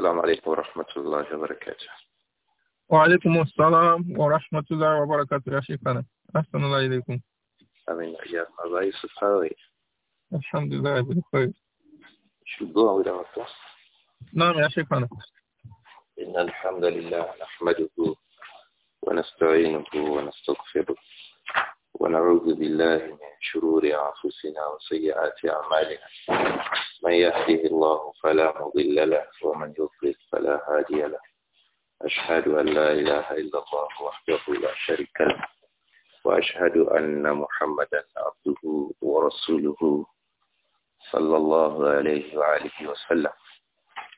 السلام عليكم ورحمة الله وبركاته وعليكم السلام ورحمة الله وبركاته يا شيخنا أحسن الله إليكم آمين يا الله يوسف الحمد لله بخير شو الدعاء ولا نعم يا شيخنا إن الحمد لله نحمده ونستعينه ونستغفره ونعوذ بالله من شرور أنفسنا وسيئات أعمالنا من يهده الله فلا مضل له ومن يضلل فلا هادي له أشهد أن لا إله إلا الله وحده لا شريك له وأشهد أن محمدا عبده ورسوله صلى الله عليه وآله وسلم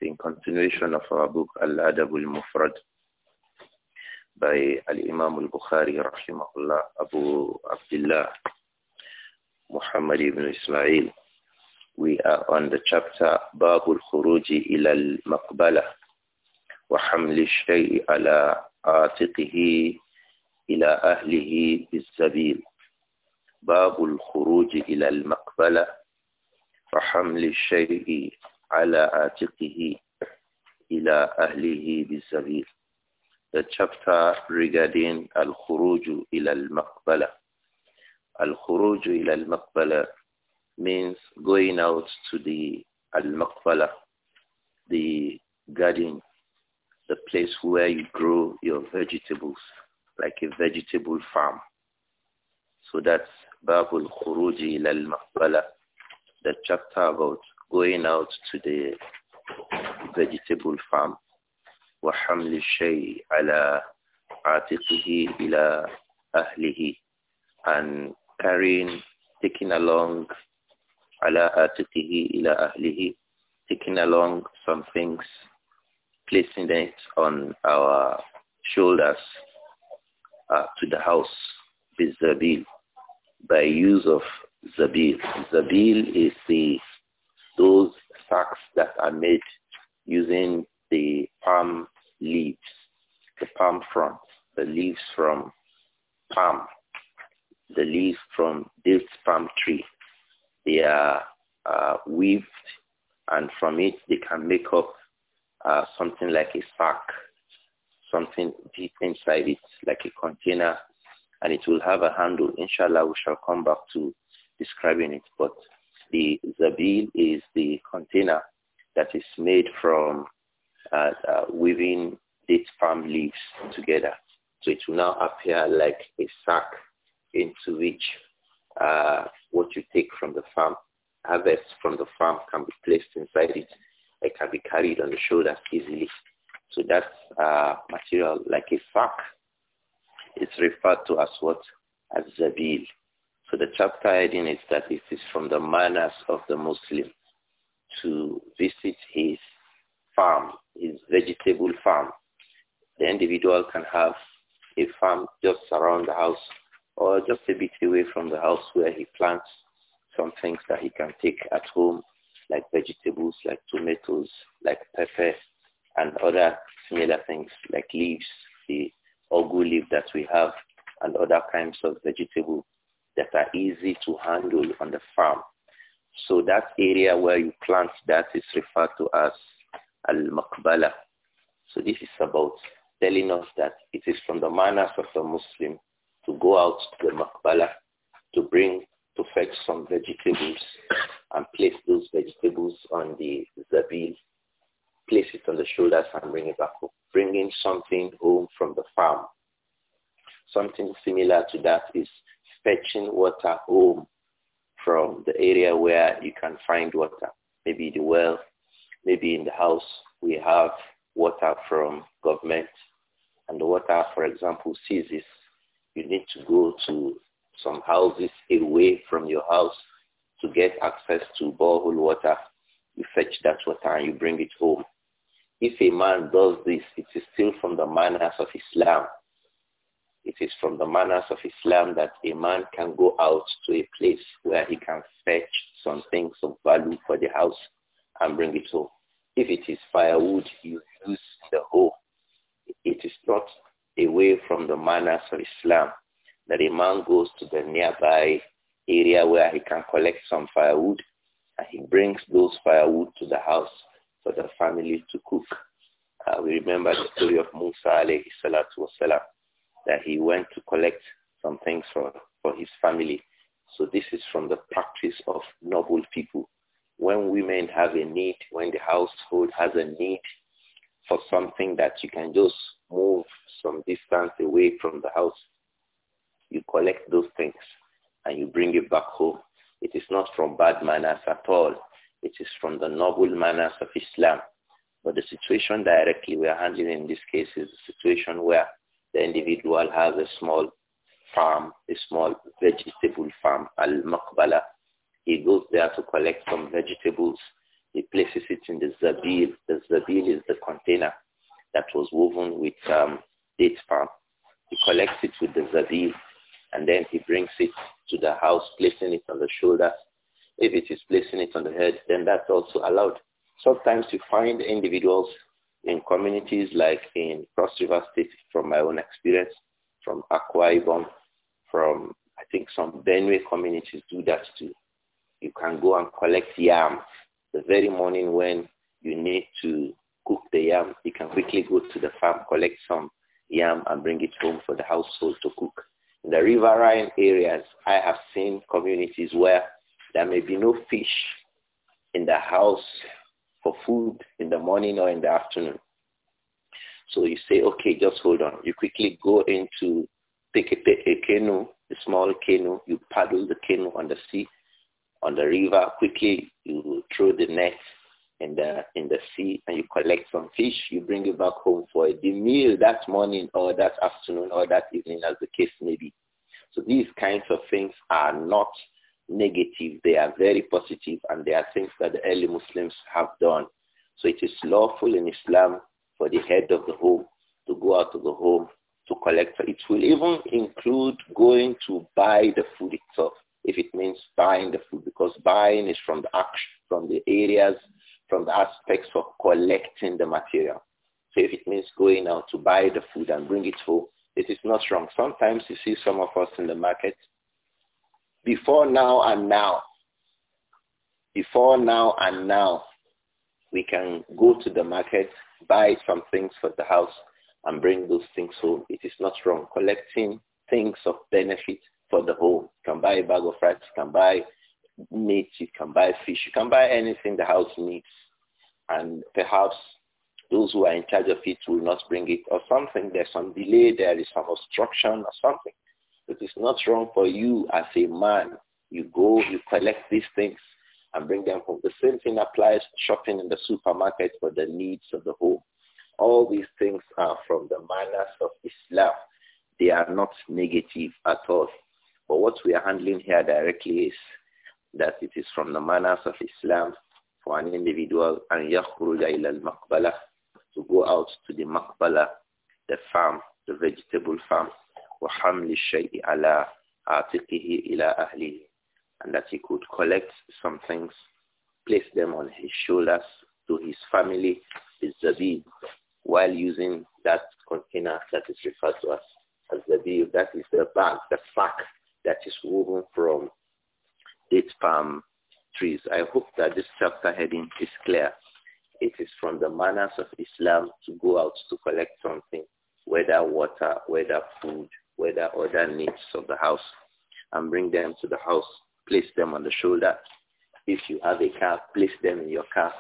In continuation of our book Al-Adab al-Mufrad by Al-Imam Al-Bukhari rahimahullah Abu Abdullah Muhammad ibn Ismail. We are on the chapter Babul Khuruji ila al-Maqbala wa hamli shay'i ala atiqihi ila ahlihi bis-sabil. Babul Khuruji ila al-Maqbala wa hamli shay'i على عاتقه إلى أهله بالسبيل the chapter regarding al-khuruju ila al-maqbala. Al-khuruju ila al-maqbala means going out to the al-maqbala, the garden, the place where you grow your vegetables, like a vegetable farm. So that's Babul Khuruji ila al-maqbala, the chapter about going out to the vegetable farm. وحمل الشيء على عاتقه إلى أهله and carrying, taking along على عاتقه إلى أهله taking along some things, placing it on our shoulders uh, to the house with Zabil by use of Zabil. Zabil is the those sacks that are made using the palm leaves, the palm fronds, the leaves from palm, the leaves from this palm tree. They are uh, weaved and from it they can make up uh, something like a sack, something deep inside it, like a container, and it will have a handle. Inshallah, we shall come back to describing it, but the zabil is the container that is made from at uh, weaving palm leaves together. So it will now appear like a sack into which uh, what you take from the farm, harvest from the farm can be placed inside it. It can be carried on the shoulders easily. So that uh, material, like a sack, is referred to as what? As zabil. So the chapter heading is that it is from the manners of the Muslim to visit his farm, his vegetable farm. The individual can have a farm just around the house or just a bit away from the house where he plants some things that he can take at home, like vegetables, like tomatoes, like pepper, and other similar things like leaves, the ogu leaf that we have, and other kinds of vegetable that are easy to handle on the farm. So that area where you plant that is referred to as al-maqbala. So this is about telling us that it is from the manners of the Muslim to go out to the maqbala to bring, to fetch some vegetables and place those vegetables on the zabil, place it on the shoulders and bring it back home, bringing something home from the farm. Something similar to that is fetching water home from the area where you can find water, maybe the well Maybe in the house we have water from government and the water, for example, ceases. You need to go to some houses away from your house to get access to borehole water. You fetch that water and you bring it home. If a man does this, it is still from the manners of Islam. It is from the manners of Islam that a man can go out to a place where he can fetch some things of value for the house and bring it home. If it is firewood you use the home, it is not away from the manners of Islam that a man goes to the nearby area where he can collect some firewood and he brings those firewood to the house for the family to cook. Uh, we remember the story of Musa alayhi salatu wasalam, that he went to collect some things for, for his family. So this is from the practice of have a need, when the household has a need for something that you can just move some distance away from the house, you collect those things and you bring it back home. It is not from bad manners at all. It is from the noble manners of Islam. But the situation directly we are handling in this case is the situation where the individual has a small farm, a small vegetable farm, al-maqbala. He goes there to collect some vegetables he places it in the zabil. The zabil is the container that was woven with um, date palm. He collects it with the zabil and then he brings it to the house, placing it on the shoulder. If it is placing it on the head, then that's also allowed. Sometimes you find individuals in communities like in Cross River State, from my own experience, from Akwa Ibom, from I think some Benue communities do that too. You can go and collect yams the very morning when you need to cook the yam, you can quickly go to the farm, collect some yam and bring it home for the household to cook. In the riverine areas, I have seen communities where there may be no fish in the house for food in the morning or in the afternoon. So you say, okay, just hold on. You quickly go into, take a, a canoe, a small canoe, you paddle the canoe on the sea, on the river quickly. You throw the net in the in the sea and you collect some fish. You bring it back home for the meal that morning or that afternoon or that evening, as the case may be. So these kinds of things are not negative. They are very positive and they are things that the early Muslims have done. So it is lawful in Islam for the head of the home to go out of the home to collect. It will even include going to buy the food itself if it means buying the food, because buying is from the action, from the areas, from the aspects of collecting the material. So if it means going out to buy the food and bring it home, it is not wrong. Sometimes you see some of us in the market, before now and now, before now and now, we can go to the market, buy some things for the house, and bring those things home. It is not wrong. Collecting things of benefit for the home. You can buy a bag of rice, you can buy meat, you can buy fish, you can buy anything the house needs. And perhaps those who are in charge of it will not bring it or something. There's some delay, there is some obstruction or something. It is not wrong for you as a man. You go, you collect these things and bring them home. The same thing applies shopping in the supermarket for the needs of the home. All these things are from the manners of Islam. They are not negative at all. But what we are handling here directly is that it is from the manners of Islam for an individual and yakhruja ila al to go out to the maqbala, the farm, the vegetable farm, wa hamli shay'i ala atiqihi ila ahlihi and that he could collect some things, place them on his shoulders to his family, his zabib, while using that container that is referred to as, as zabib. That is the bag, the sack that is woven from date palm trees. I hope that this chapter heading is clear. It is from the manners of Islam to go out to collect something, whether water, whether food, whether other needs of the house, and bring them to the house. Place them on the shoulder. If you have a car, place them in your car,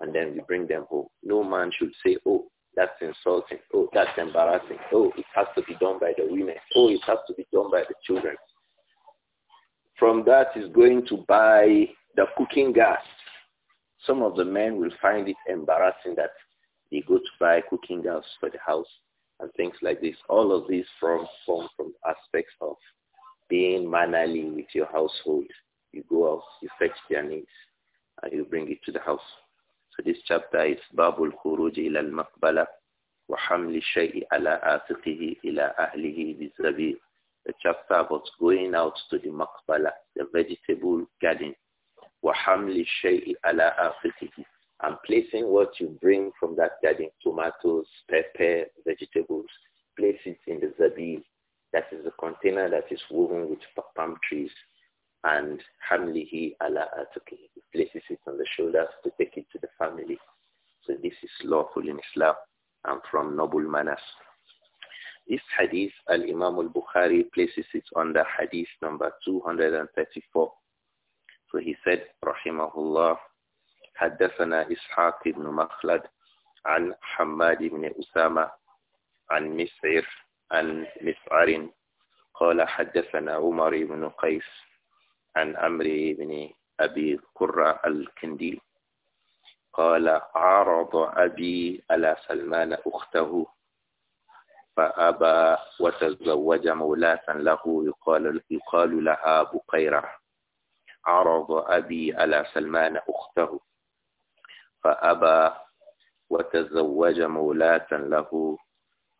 and then you bring them home. No man should say, oh, that's insulting. Oh, that's embarrassing. Oh, it has to be done by the women. Oh, it has to be done by the children. From that is going to buy the cooking gas. Some of the men will find it embarrassing that they go to buy cooking gas for the house and things like this. All of these from from, from aspects of being mannerly with your household. You go out, you fetch their needs, and you bring it to the house. So this chapter is Babul Khuruj ila al-Maqbala wa hamli shay'i ala atiqihi ila ahlihi bizabi. The chapter about going out to the Maqbala, the vegetable garden. Wa hamli shay'i ala atiqihi. And placing what you bring from that garden, tomatoes, pepper, vegetables, place it in the zabi. That is the container that is woven with palm trees and hamlihi ala atuki. He places it on the shoulders to take it to the family. So this is lawful in Islam and from noble manners. This hadith, Al-Imam al-Bukhari places it under hadith number 234. So he said, Rahimahullah, حدثنا إسحاق بن مخلد عن حماد بن أسامة عن مسعر عن مسعر قال حدثنا عمر بن قيس عن أمر بن أبي قرة الكندي قال عرض أبي على سلمان أخته فأبى وتزوج مولاة له يقال, يقال لها بقيرة عرض أبي على سلمان أخته فأبى وتزوج مولاة له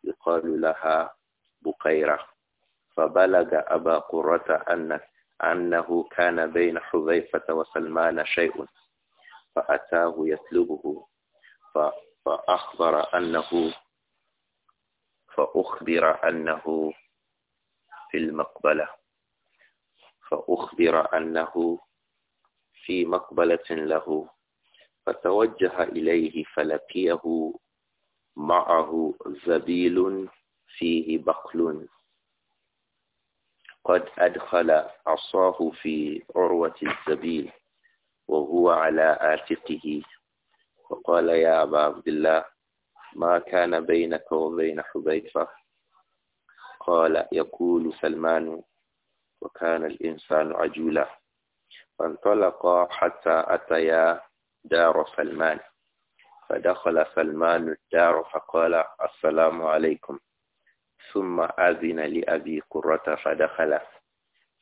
يقال لها بقيرة فبلغ أبا قرة أن أنه كان بين حذيفة وسلمان شيء فأتاه يطلبه فأخبر أنه فأخبر أنه في المقبلة فأخبر أنه في مقبلة له فتوجه إليه فلقيه معه زبيل فيه بخل قد أدخل عصاه في عروة السبيل وهو على عاتقه فقال يا أبا عبد الله ما كان بينك وبين حبيفة قال يقول سلمان وكان الإنسان عجولا فانطلقا حتى أتيا دار سلمان فدخل سلمان الدار فقال السلام عليكم ثم أذن لأبي قرة فدخل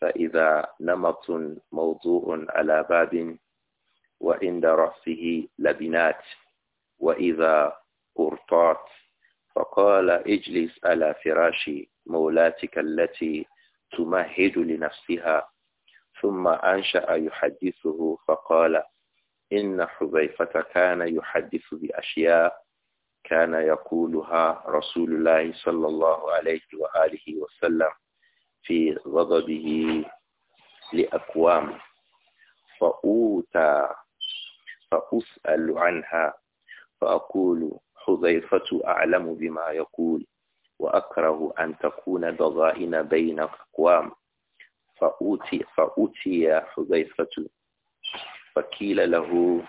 فإذا نمط موضوع على باب وعند رأسه لبنات وإذا قرطات فقال اجلس على فراش مولاتك التي تمهد لنفسها ثم أنشأ يحدثه فقال إن حذيفة كان يحدث بأشياء كان يقولها رسول الله صلى الله عليه وآله وسلم في غضبه لأقوام فأوتى فأسأل عنها فأقول حذيفة أعلم بما يقول وأكره أن تكون ضغائن بين أقوام فأوتي, فأوتي حذيفة فقيل له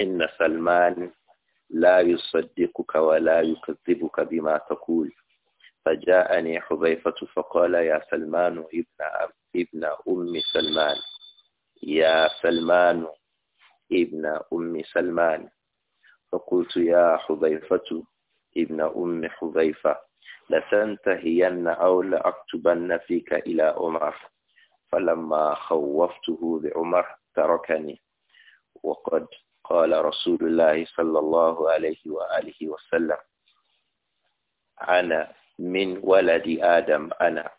إن سلمان لا يصدقك ولا يكذبك بما تقول فجاءني حذيفة فقال يا سلمان ابن ابن أم سلمان يا سلمان ابن أم سلمان فقلت يا حذيفة ابن أم حذيفة لتنتهين أو لأكتبن فيك إلى عمر فلما خوفته بعمر تركني وقد قال رسول الله صلى الله عليه وآله وسلم أنا من ولد آدم أنا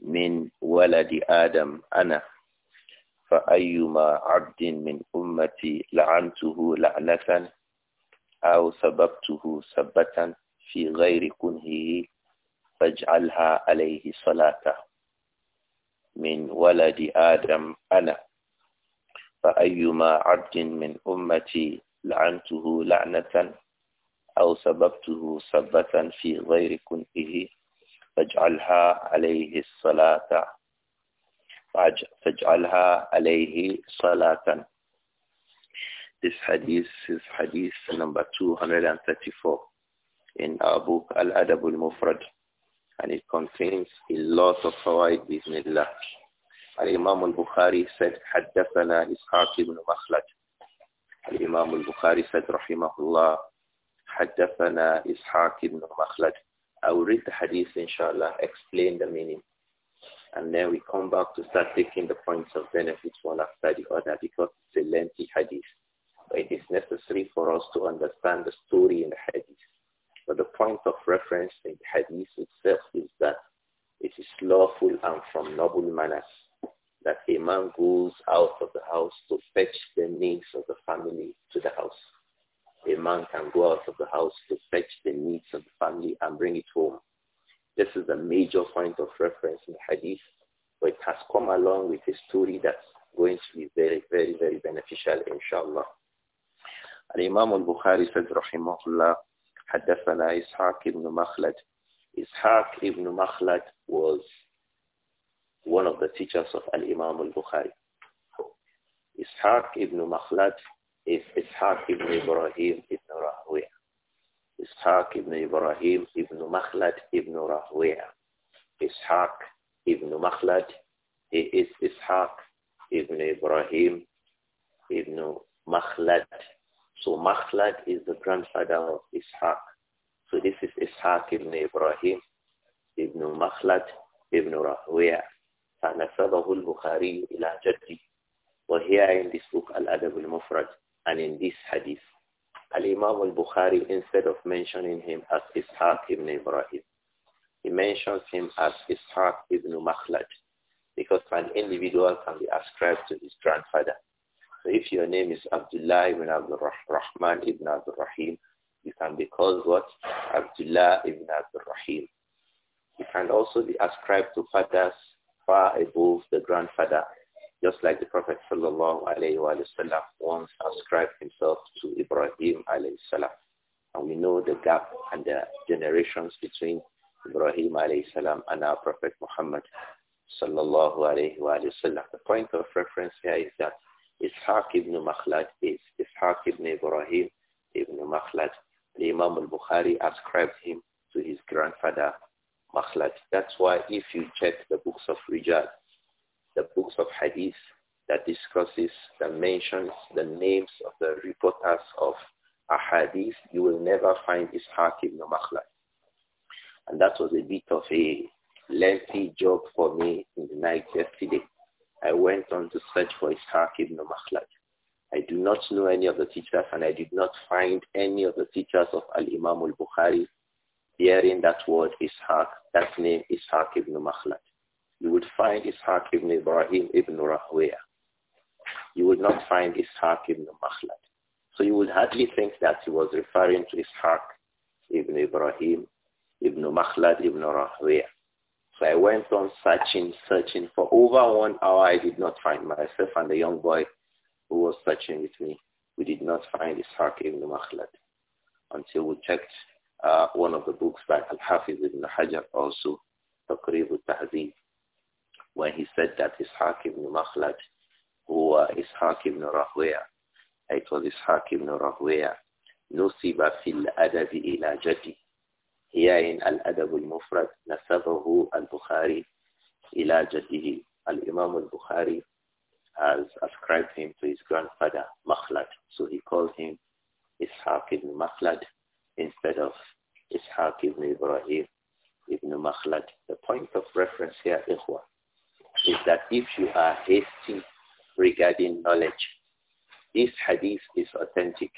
من ولد آدم أنا فأيما عبد من أمتي لعنته لعنة أو سببته سبة في غير كنهه فاجعلها عليه صلاة من ولد آدم أنا فأيما عبد من أمتي لعنته لعنة أو سببته سبة في غير كنئه فاجعلها عليه الصلاة فاجعلها عليه صلاة This hadith is hadith number 234 in our book Al-Adab al-Mufrad and it contains a lot of fawaid bismillah. Al-Imam al-Bukhari said, حدثنا إسحاق بن مخلد. Al-Imam al-Bukhari said, رحمه الله, حدثنا إسحاق بن مخلد. I will read the hadith, inshallah, explain the meaning. And then we come back to start taking the points of benefits one after the other because it's a lengthy hadith. But it is necessary for us to understand the story in the hadith. But the point of reference in the hadith itself is that it is lawful and from noble manners that a man goes out of the house to fetch the needs of the family to the house. A man can go out of the house to fetch the needs of the family and bring it home. This is a major point of reference in Hadith, but it has come along with a story that's going to be very, very, very beneficial, inshallah. الإمام البخاري said رحمه الله حدثنا إسحاق بن مخلد إسحاق بن مخلد was one of the teachers of Al-Imam al-Bukhari. Ishaq ibn Makhlad is Ishaq ibn Ibrahim ibn Rahwiyah. Ishaq ibn Ibrahim ibn Makhlad ibn Rahwiyah. Ishaq ibn Makhlad he is Ishaq ibn Ibrahim ibn Makhlad. So Makhlad is the grandfather of Ishaq. So this is Ishaq ibn Ibrahim ibn Makhlad ibn Rahwiyah. فنسبه البخاري إلى وهي and in this hadith Al-Imam al-Bukhari instead of mentioning him as Ishaq ibn Ibrahim he mentions him as Ishaq ibn Makhlad because an individual can be ascribed to his grandfather so if your name is Abdullah ibn Abdul Rahman ibn Abdul Rahim you can be called what? Abdullah ibn Abdul Rahim you can also be ascribed to fathers far above the grandfather, just like the Prophet sallallahu once ascribed himself to Ibrahim salam. And we know the gap and the generations between Ibrahim salam and our Prophet Muhammad sallallahu alayhi wa The point of reference here is that Ishaq ibn Makhlad is Ishaq ibn Ibrahim ibn Makhlad. The Imam al-Bukhari ascribed him to his grandfather that's why if you check the books of Rijal, the books of Hadith that discusses, that mentions the names of the reporters of hadith, you will never find Ishaq ibn Makhlaj. And that was a bit of a lengthy job for me in the night yesterday. I went on to search for Ishaq ibn Makhlaj. I do not know any of the teachers and I did not find any of the teachers of Al-Imam al-Bukhari hearing that word Ishaq, that name Ishaq ibn Makhlad, you would find Ishaq ibn Ibrahim ibn Rahwaya. You would not find Ishaq ibn Makhlad. So you would hardly think that he was referring to Ishaq ibn Ibrahim ibn Makhlad ibn Rahwaya. So I went on searching, searching. For over one hour, I did not find myself and the young boy who was searching with me. We did not find Ishaq ibn Makhlad until we checked uh, one of the books by Al-Hafiz ibn Hajar also, Taqrib al-Tahzib, when he said that Ishaq ibn Makhlad, who uh, Ishaq ibn Rahwaya, it was Ishaq ibn Rahwaya, نصب في الأدب إلى جدي هي إن الأدب المفرد نسبه البخاري إلى جده الإمام Bukhari has ascribed him to his grandfather Makhlad so he called him Ishaq ibn Makhlad instead of Ishaq ibn Ibrahim ibn Makhlad. The point of reference here, Ikhwa, is that if you are hasty regarding knowledge, this hadith is authentic.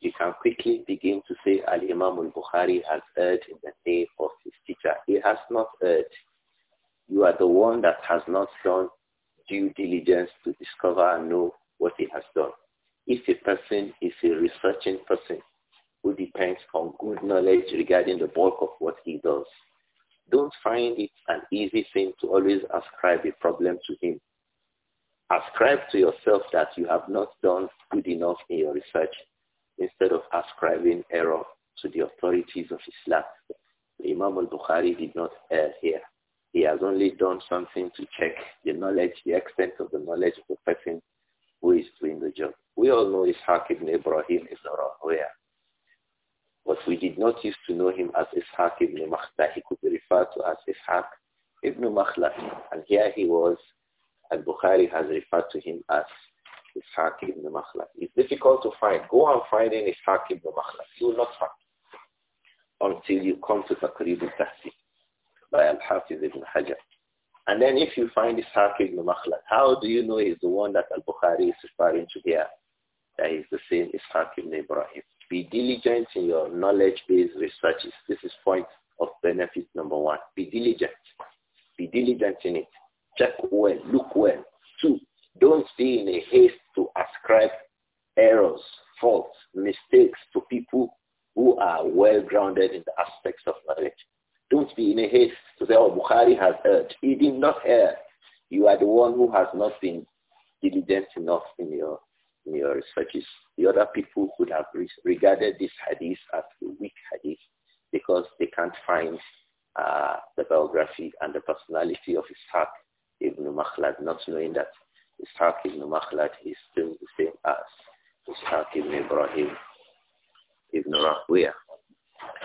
You can quickly begin to say Al-Imam al-Bukhari has erred in the name of his teacher. He has not erred. You are the one that has not done due diligence to discover and know what he has done. If a person is a researching person, who depends on good knowledge regarding the bulk of what he does. Don't find it an easy thing to always ascribe a problem to him. Ascribe to yourself that you have not done good enough in your research instead of ascribing error to the authorities of Islam. Imam al-Bukhari did not err here. He has only done something to check the knowledge, the extent of the knowledge of the person who is doing the job. We all know Ishaq ibn Ibrahim is not aware but we did not used to know him as Ishaq ibn Makhla. He could be referred to as Ishaq ibn Makhla. And here he was, and Bukhari has referred to him as Ishaq ibn Makhla. It's difficult to find. Go and find in Ishaq ibn Makhla. You will not find until you come to Taqrib al-Tahsi by Al-Hafiz ibn Hajar. And then if you find Ishaq ibn Makhla, how do you know he's the one that Al-Bukhari is referring to here? That is the same Ishaq ibn Ibrahim. Be diligent in your knowledge-based researches. This is point of benefit number one. Be diligent. Be diligent in it. Check well. Look well. Two, don't be in a haste to ascribe errors, faults, mistakes to people who are well grounded in the aspects of knowledge. Don't be in a haste to say, oh, Bukhari has erred. He did not hear. You are the one who has not been diligent enough in your in your researches, the other people could have regarded this hadith as a weak hadith because they can't find uh, the biography and the personality of Ishaq ibn Makhlad, not knowing that Ishaq ibn Makhlad is still the same as Ishaq ibn Ibrahim ibn Rahwiya,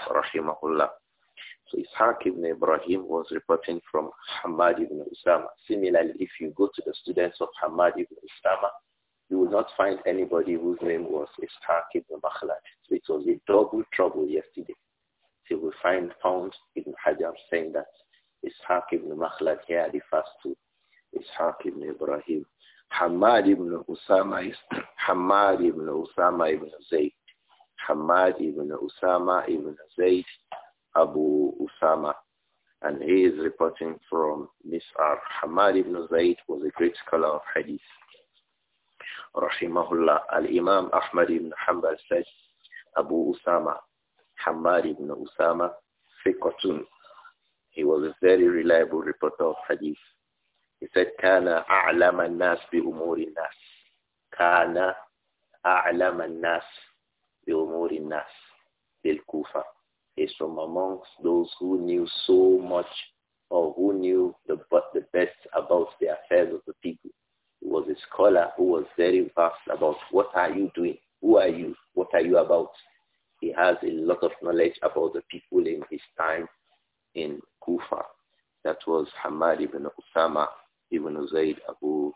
So Ishaq ibn Ibrahim was reporting from Hamad ibn Usama. Similarly, if you go to the students of Hamad ibn Usama, you will not find anybody whose name was Ishaq ibn Makhlad. So it was a double trouble yesterday. So we find found Ibn Hajar saying that Ishaq ibn Makhlad here refers to Ishaq ibn Ibrahim. Hamad ibn Usama is Hamad ibn Usama ibn Zayd. Hamad ibn Usama ibn Zayd Abu Usama. And he is reporting from Mis'ar. Hamad ibn Zayd was a great scholar of hadith rahimahullah. Al-Imam Ahmad ibn Hanbal said, Abu Usama, Hamad ibn Usama, Fiqatun. He was a very reliable reporter of hadith. He said, Kana a'lama nas bi umuri nas. Kana a'lama nas bi umuri nas. Bil Kufa. He's from amongst those who knew so much or who knew the, the best about the affairs of the people. He was a scholar who was very vast about what are you doing? Who are you? What are you about? He has a lot of knowledge about the people in his time in Kufa. That was Hamad ibn Usama ibn Zayd Abu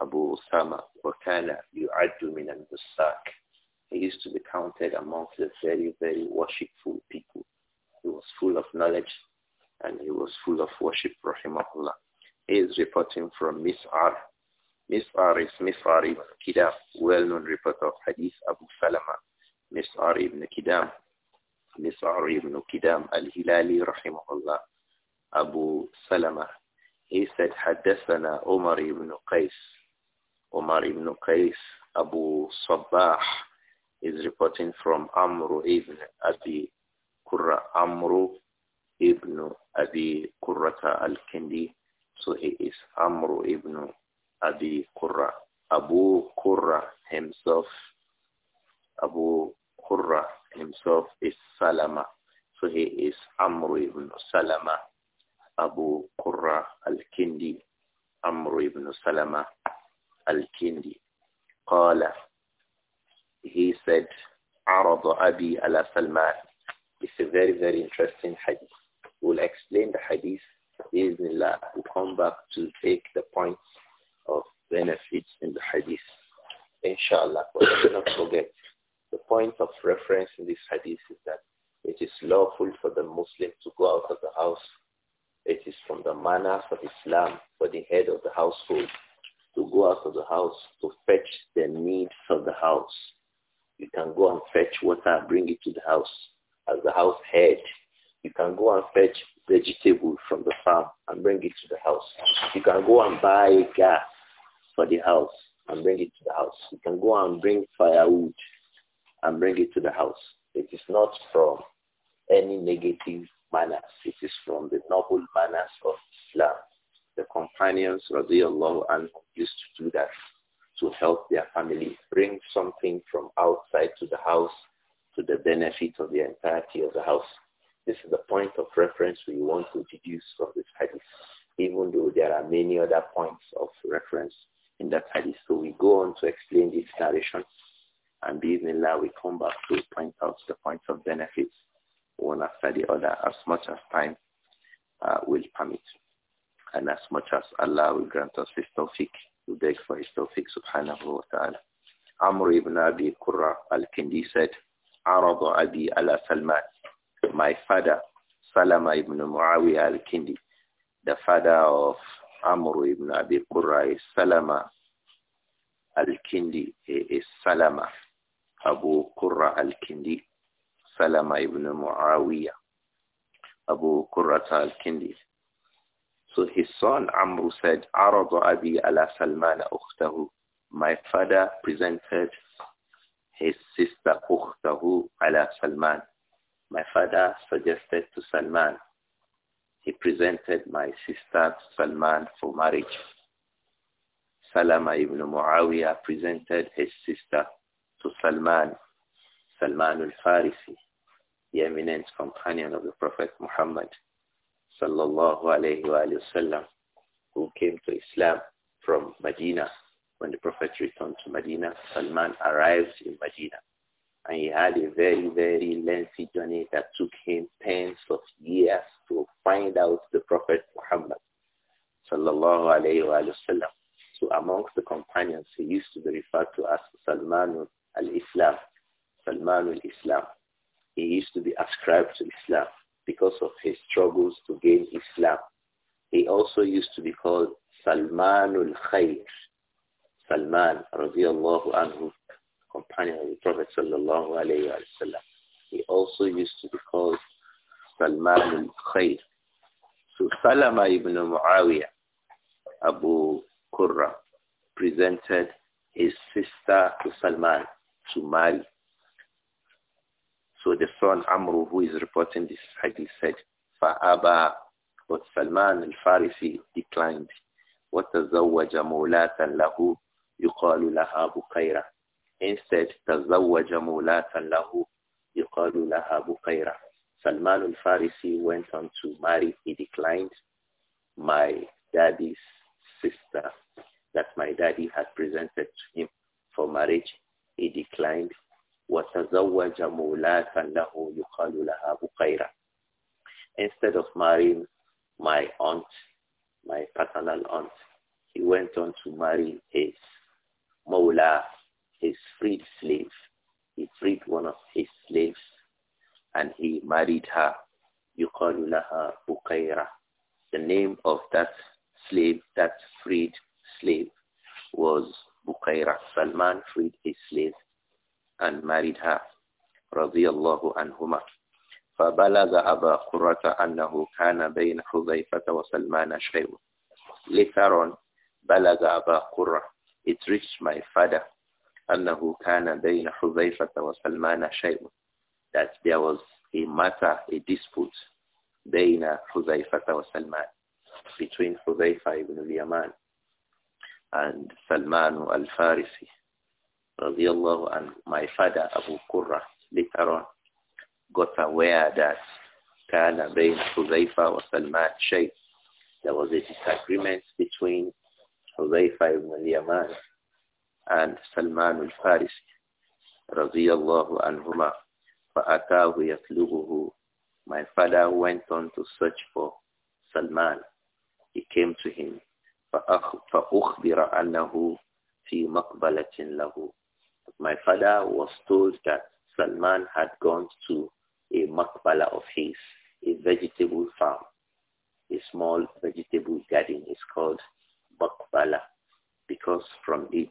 Abu Usama. وَكَانَ يُعَدُّ مِنَ النُّسَّاكِ He used to be counted amongst the very, very worshipful people. He was full of knowledge and he was full of worship, rahimahullah. He is reporting from Mis'ar Miss Faris, Miss ibn Kidam, well-known reporter of Hadith Abu Salama. Miss ibn Kidam, Miss ibn Kidam al-Hilali rahimahullah, Abu Salama. He said, حدثنا Omar ibn Qais. Omar ibn Qais, Abu Sabah, is reporting from Amru ibn Abi Qurra. Amru ibn Abi Qurrata al-Kindi. So he is Amru ibn Abi Qurra. Abu Qurra himself, Abu Qurra himself is Salama. So he is Amr ibn Salama, Abu Qurra al-Kindi, Amr ibn Salama al-Kindi. Qala, he said, عرض Abi Al سلمان. It's a very, very interesting hadith. We'll explain the hadith. Bismillah. We'll come back to take the points of benefits in the hadith. Inshallah, but do not forget, the point of reference in this hadith is that it is lawful for the Muslim to go out of the house. It is from the manners of Islam for the head of the household to go out of the house to fetch the needs of the house. You can go and fetch water, bring it to the house as the house head. You can go and fetch vegetable from the farm and bring it to the house. You can go and buy gas for the house and bring it to the house. You can go and bring firewood and bring it to the house. It is not from any negative manners. It is from the noble manners of Islam. The companions, radiallahu and used to do that to help their family bring something from outside to the house to the benefit of the entirety of the house. This is the point of reference we want to deduce from this hadith, even though there are many other points of reference in that hadith. So we go on to explain this narration and bismillah we come back to point out the points of benefits one after the other as much as time uh, will permit. And as much as Allah will grant us his tawfiq, we beg for his tawfiq subhanahu wa ta'ala. Amr ibn Abi Qurra al-Kindi said, Arada Abi ala Salman, my father, Salama ibn Muawiyah al-Kindi, the father of Amr ibn Abi Qurra is Salama al-Kindi, is Salama, Abu Qurra al-Kindi, Salama ibn Muawiyah, Abu Qurra al-Kindi. So his son Amr said, عرض أبي على سلمان أخته. My father presented his sister أخته على سلمان. My father suggested to Salman he presented my sister Salman for marriage. Salama ibn Muawiyah presented his sister to Salman, Salman al-Farisi, the eminent companion of the Prophet Muhammad sallallahu alayhi wa sallam, who came to Islam from Medina. When the Prophet returned to Medina, Salman arrived in Medina. And he had a very, very lengthy journey that took him tens of years to find out the Prophet Muhammad sallallahu alayhi wa sallam. So amongst the companions, he used to be referred to as Salman al-Islam, Salman al-Islam. He used to be ascribed to Islam because of his struggles to gain Islam. He also used to be called Salman al-Khair, Salman radiallahu anhu, companion of the Prophet sallallahu alayhi wa sallam. He also used to be called Salman al-Khayr. So Salama ibn Muawiyah, Abu Qurra, presented his sister to Salman to marry. So the son Amru, who is reporting this hadith, said, Fa'aba, but Salman al-Farisi declined. وَتَزَوَّجَ مُولَاتًا لَهُ يُقَالُ لَهَا بُقَيْرَةً Instead, تَزَوَّجَ مُولَاتًا لَهُ يُقَالُ لَهَا بُقَيْرَةً Salman al-Farisi went on to marry. He declined my daddy's sister that my daddy had presented to him for marriage. He declined. Instead of marrying my aunt, my paternal aunt, he went on to marry his mawla, his freed slave. He freed one of his slaves and he married her. يقال لها بقيرة. The name of that slave, that freed slave, was Bukaira. Salman freed his slave and married her. رضي الله عنهما. فبلغ أبا قرة أنه كان بين حذيفة وسلمان شيء. Later on, بلغ أبا قرة. It reached my father أنه كان بين حذيفة وسلمان شيء that there was a matter, a dispute بين حذيفة وسلمان between Hudhaifa ibn al-Yaman and Salman al-Farisi radiallahu and my father Abu Qurra later on got aware that كان بين حذيفة Salman شيء there was a disagreement between Hudhaifa ibn al-Yaman and Salman al-Farisi radiallahu anhuma فَأَتَاهُ My father went on to search for Salman. He came to him. فَأُخْبِرَ أَنَّهُ فِي مَقْبَلَةٍ لَهُ My father was told that Salman had gone to a makbala of his, a vegetable farm. A small vegetable garden is called makbala because from it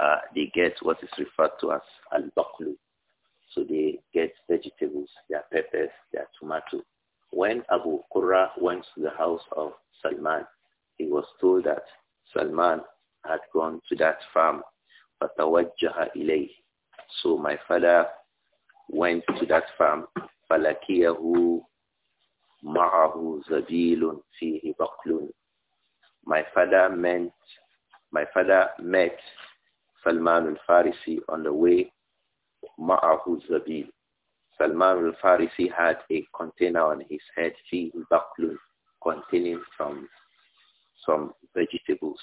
uh, they get what is referred to as al-baqlu, so they get vegetables, their peppers, their tomato. When Abu Qurra went to the house of Salman, he was told that Salman had gone to that farm. فَتَوَجَّهَ إِلَيْهِ So my father went to that farm. My father meant, my father met Salman al-Farisi on the way ma'ahu zabib. Salman al-Farisi had a container on his head, fihi baklun, containing some, some vegetables.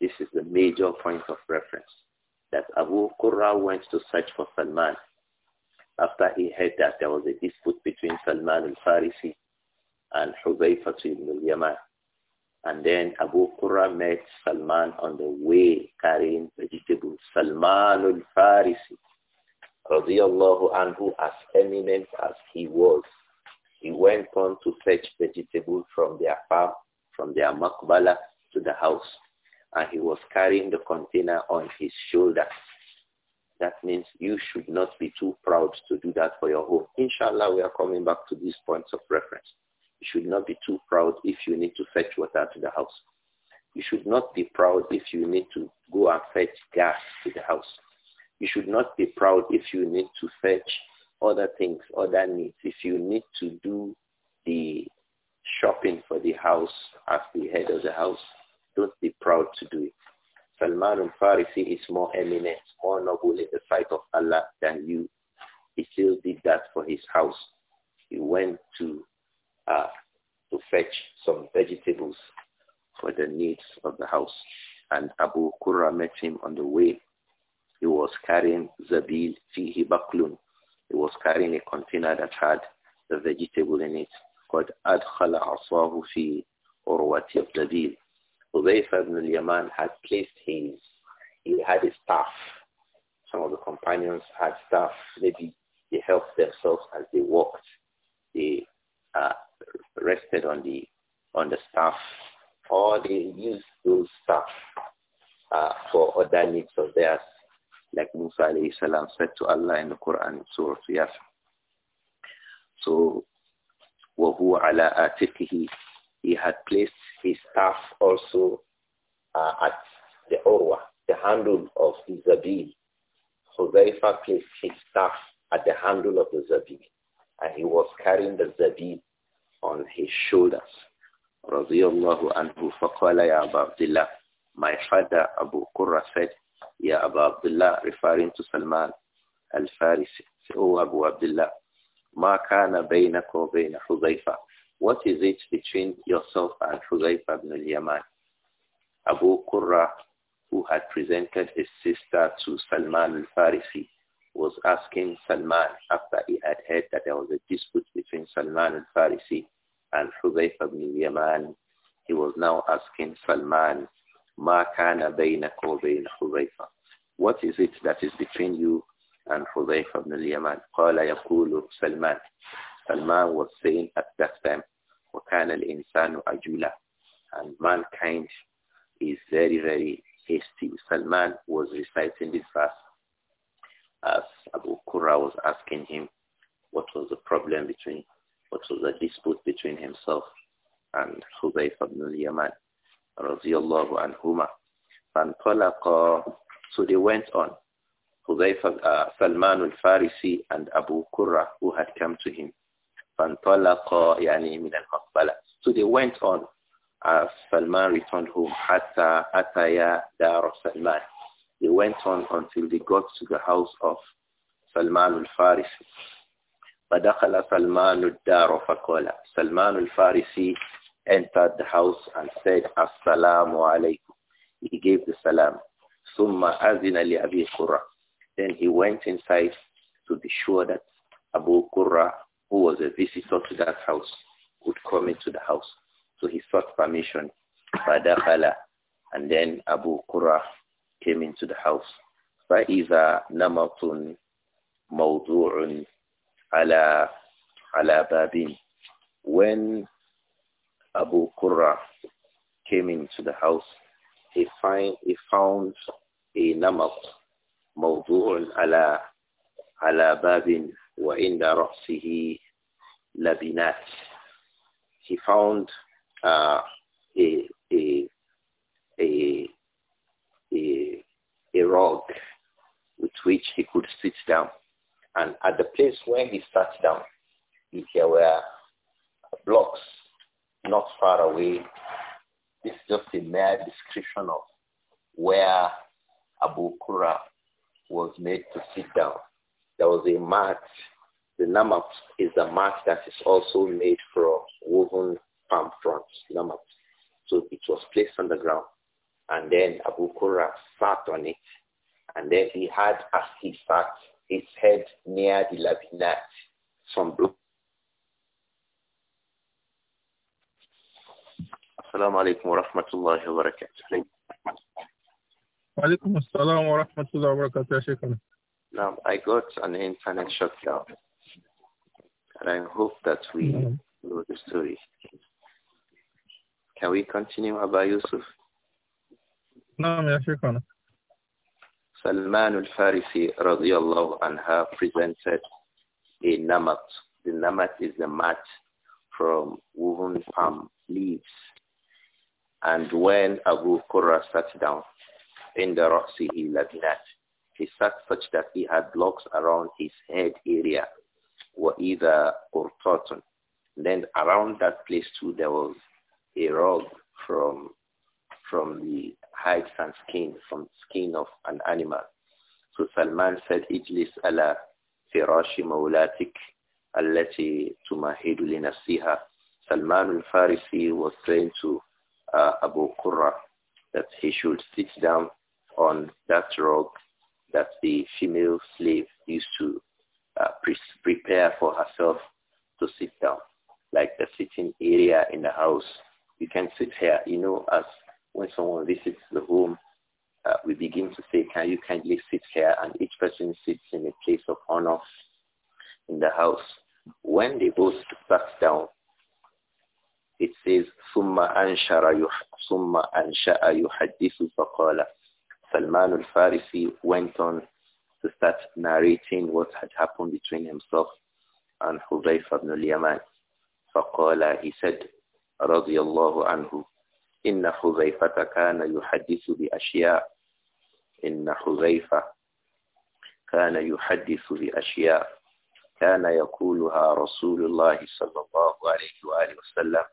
This is the major point of reference that Abu Qurra went to search for Salman after he heard that there was a dispute between Salman al-Farisi and Huzaifa ibn al-Yaman. And then Abu Qurra met Salman on the way carrying vegetables. Salman al-Farisi radiallahu anhu, as eminent as he was, he went on to fetch vegetables from their farm, from their makbala to the house. And he was carrying the container on his shoulder. That means you should not be too proud to do that for your home. Inshallah, we are coming back to these points of reference. You should not be too proud if you need to fetch water to the house. You should not be proud if you need to go and fetch gas to the house. You should not be proud if you need to fetch other things, other needs. If you need to do the shopping for the house as the head of the house, don't be proud to do it. Salman al-Farisi is more eminent, more noble in the sight of Allah than you. He still did that for his house. He went to uh, to fetch some vegetables for the needs of the house. And Abu Qurra met him on the way he was carrying zabil fihi baklun. He was carrying a container that had the vegetable in it. called أدخل عصاه في عروة الزبيب. Hudayfa ibn al-Yaman had placed his, he had a staff. Some of the companions had staff. Maybe they helped themselves as they walked. They uh, rested on the on the staff, or they used those staff uh, for other needs of theirs like Musa alayhi salam said to Allah in the Quran Surah Yasr. So, وَهُوَ عَلَىٰ آتِكِهِ He had placed his staff also uh, at the orwa, the handle of the zabil. Huzaifa placed his staff at the handle of the zabil, and he was carrying the zabil on his shoulders. رضي الله عنه فقال يا أبا عبد الله My father Abu Qurra said Ya Abu Abdullah, referring to Salman al-Farisi. Oh Abu Abdullah, ma kana baynaka wa bayna Hudhaifa. What is it between yourself and Hudhaifa ibn al-Yaman? Abu Qurra, who had presented his sister to Salman al-Farisi, was asking Salman after he had heard that there was a dispute between Salman al-Farisi and Hudhaifa ibn al-Yaman. He was now asking Salman ما كان بينك وبين What is it that is between you and حذيفة بن اليمان قال يقول سلمان Salman was saying at that time وكان الإنسان أجولا and mankind is very very hasty Salman was reciting this verse as Abu Qura was asking him what was the problem between what was the dispute between himself and Hudayf ibn al-Yaman radiallahu anhuma. So they went on. Hudayfa, uh, Salman al-Farisi and Abu Qurra who had come to him. So they went on as Salman returned home. Hatta ataya dar Salman. They went on until they got to the house of Salman al-Farisi. فدخل سلمان الدار فقال سلمان الفارسي entered the house and said, Assalamu alaikum. He gave the salam. Summa azina li Abi Qurra. Then he went inside to be sure that Abu Qurra, who was a visitor to that house, would come into the house. So he sought permission. Fadakhala. And then Abu Qurra came into the house. فإذا namatun موضوع ala ala babin. when Abu Qurra came into the house, he, find, he found a namak, موضوع على على باب وعند رأسه labinat. He found uh, a, a, a, a, a rug with which he could sit down. And at the place where he sat down, there were blocks not far away. This is just a mere description of where Abu Kura was made to sit down. There was a mat. The namat is a mat that is also made from woven palm fronds, namat. So it was placed on the ground. And then Abu Kura sat on it. And then he had, as he sat, his head near the labinat, some blood السلام عليكم ورحمة الله وبركاته وعليكم السلام ورحمة الله وبركاته شكرا Now I got an internet shutdown and I hope that we know the story. Can we continue Abba Yusuf? نعم يا شيخنا Salman al رضي الله anha presented a namat. The namat is the mat from woven palm leaves and when Abu Qurra sat down, in the Ra'sihi Labinat, he sat such that he had locks around his head area, were either or cotton. Then around that place too, there was a rug from, from the hides and skin, from skin of an animal. So Salman said, Ijlis ala firashi mawlatik التي تمهد لنفسها Salman al-Farisi was trying to uh, Abu Qurra that he should sit down on that rug that the female slave used to uh, pre prepare for herself to sit down, like the sitting area in the house. You can sit here, you know, as when someone visits the home, uh, we begin to say, can you kindly sit here? And each person sits in a place of honor in the house. When they both sat down, It says, ثم أنشر ثم أنشأ يحدث فقال سلمان الفارسي went on to start narrating what had happened between himself and Hudayf ibn al-Yaman. فقال he said رضي الله عنه إن حذيفة كان يحدث بأشياء إن حذيفة كان يحدث بأشياء كان يقولها رسول الله صلى الله عليه وآله وسلم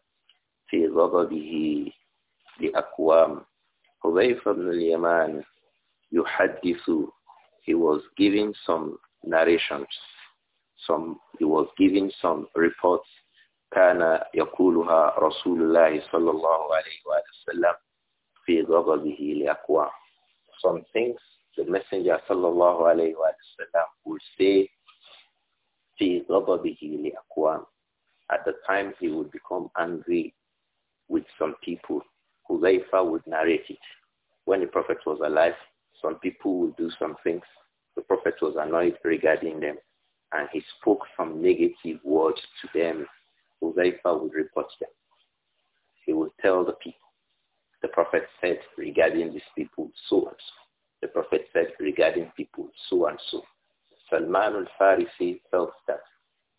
Fi في غضبه لأقوام Hudayf ibn al-Yaman yuhadithu he was giving some narrations some he was giving some reports Kana يقولها Rasulullah sallallahu صلى الله عليه وسلم في li لأقوام some things the messenger sallallahu الله عليه وسلم would say Fi في li لأقوام at the time he would become angry with some people. Huzaifa would narrate it. When the Prophet was alive, some people would do some things. The Prophet was annoyed regarding them, and he spoke some negative words to them. Huzaifa would report them. He would tell the people. The Prophet said regarding these people, so and so. The Prophet said regarding people, so and so. Salman al-Farisi felt that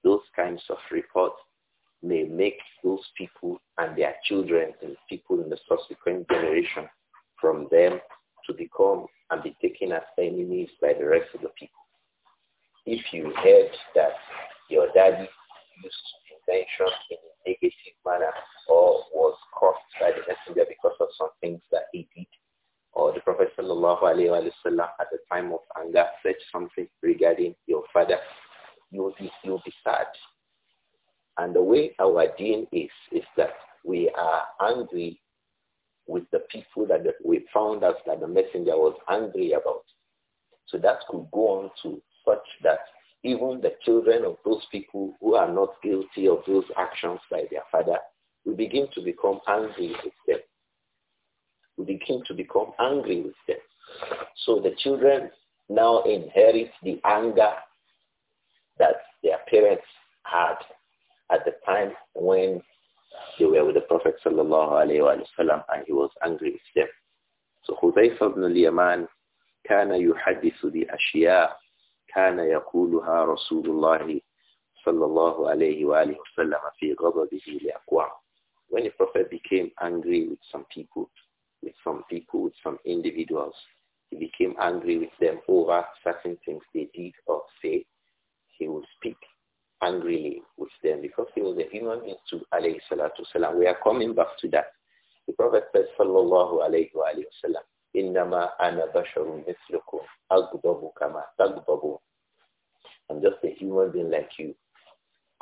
those kinds of reports may make those people and their children and people in the subsequent generation from them to become and be taken as enemies by the rest of the people. If you heard that your daddy used invention in a negative manner or was caused by the messenger because of some things that he did, or the Prophet Sallallahu Alaihi Wasallam at the time of anger said something, our gene is, is that we are angry with the people that we found out that the messenger was angry about. So that could go on to such that even the children of those people who are not guilty of those actions by their father we begin to become angry with them. We begin to become angry with them. So the children now inherit the anger alayhi wa sallam and he was angry with them. So Hudayfa ibn al-Yaman كان يحدث When the Prophet became angry with some people, with some people, with some individuals, he became angry with them over certain wasallam. We are coming back to that. The Prophet says, Sallallahu alayhi wa alayhi wa sallam, Innama ana basharun mislukum, agdabu kama tagdabu. I'm just a human being like you.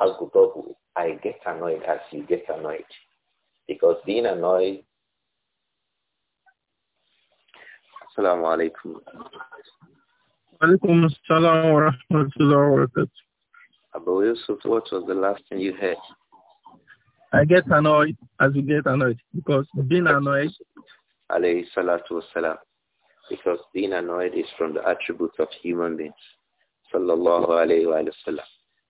Agdabu, I get annoyed as you get annoyed. Because being annoyed السلام عليكم وعليكم السلام ورحمة الله وبركاته Abu Yusuf, what was the last thing you heard? I get annoyed as you get annoyed because being annoyed. Alayhi salatu wasalam. Because being annoyed is from the attributes of human beings. Sallallahu alayhi wa sallam.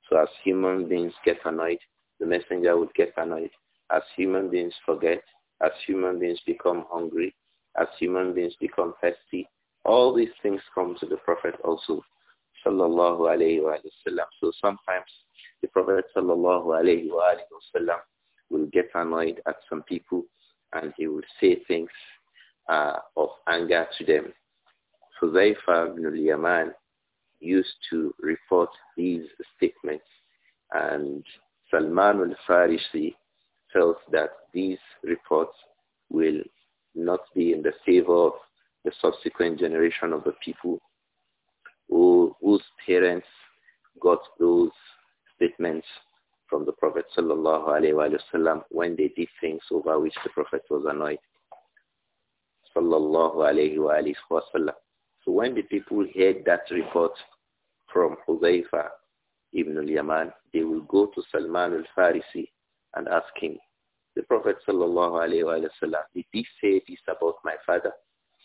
So as human beings get annoyed, the messenger would get annoyed. As human beings forget, as human beings become hungry, as human beings become thirsty, all these things come to the Prophet also. Sallallahu alayhi wa sallam. So sometimes the Prophet sallallahu alayhi wa get annoyed at some people and he would say things uh, of anger to them. Huzaifa ibn al-Yaman used to report these statements and Salman al-Farisi felt that these reports will not be in the favor of the subsequent generation of the people who, whose parents got those statements from the Prophet sallallahu alaihi wasallam when they did things over which the Prophet was annoyed. Sallallahu alaihi wasallam. So when the people heard that report from Huzaifa ibn al-Yaman, they will go to Salman al-Farisi and ask him, the Prophet sallallahu alaihi wasallam, did he say this about my father?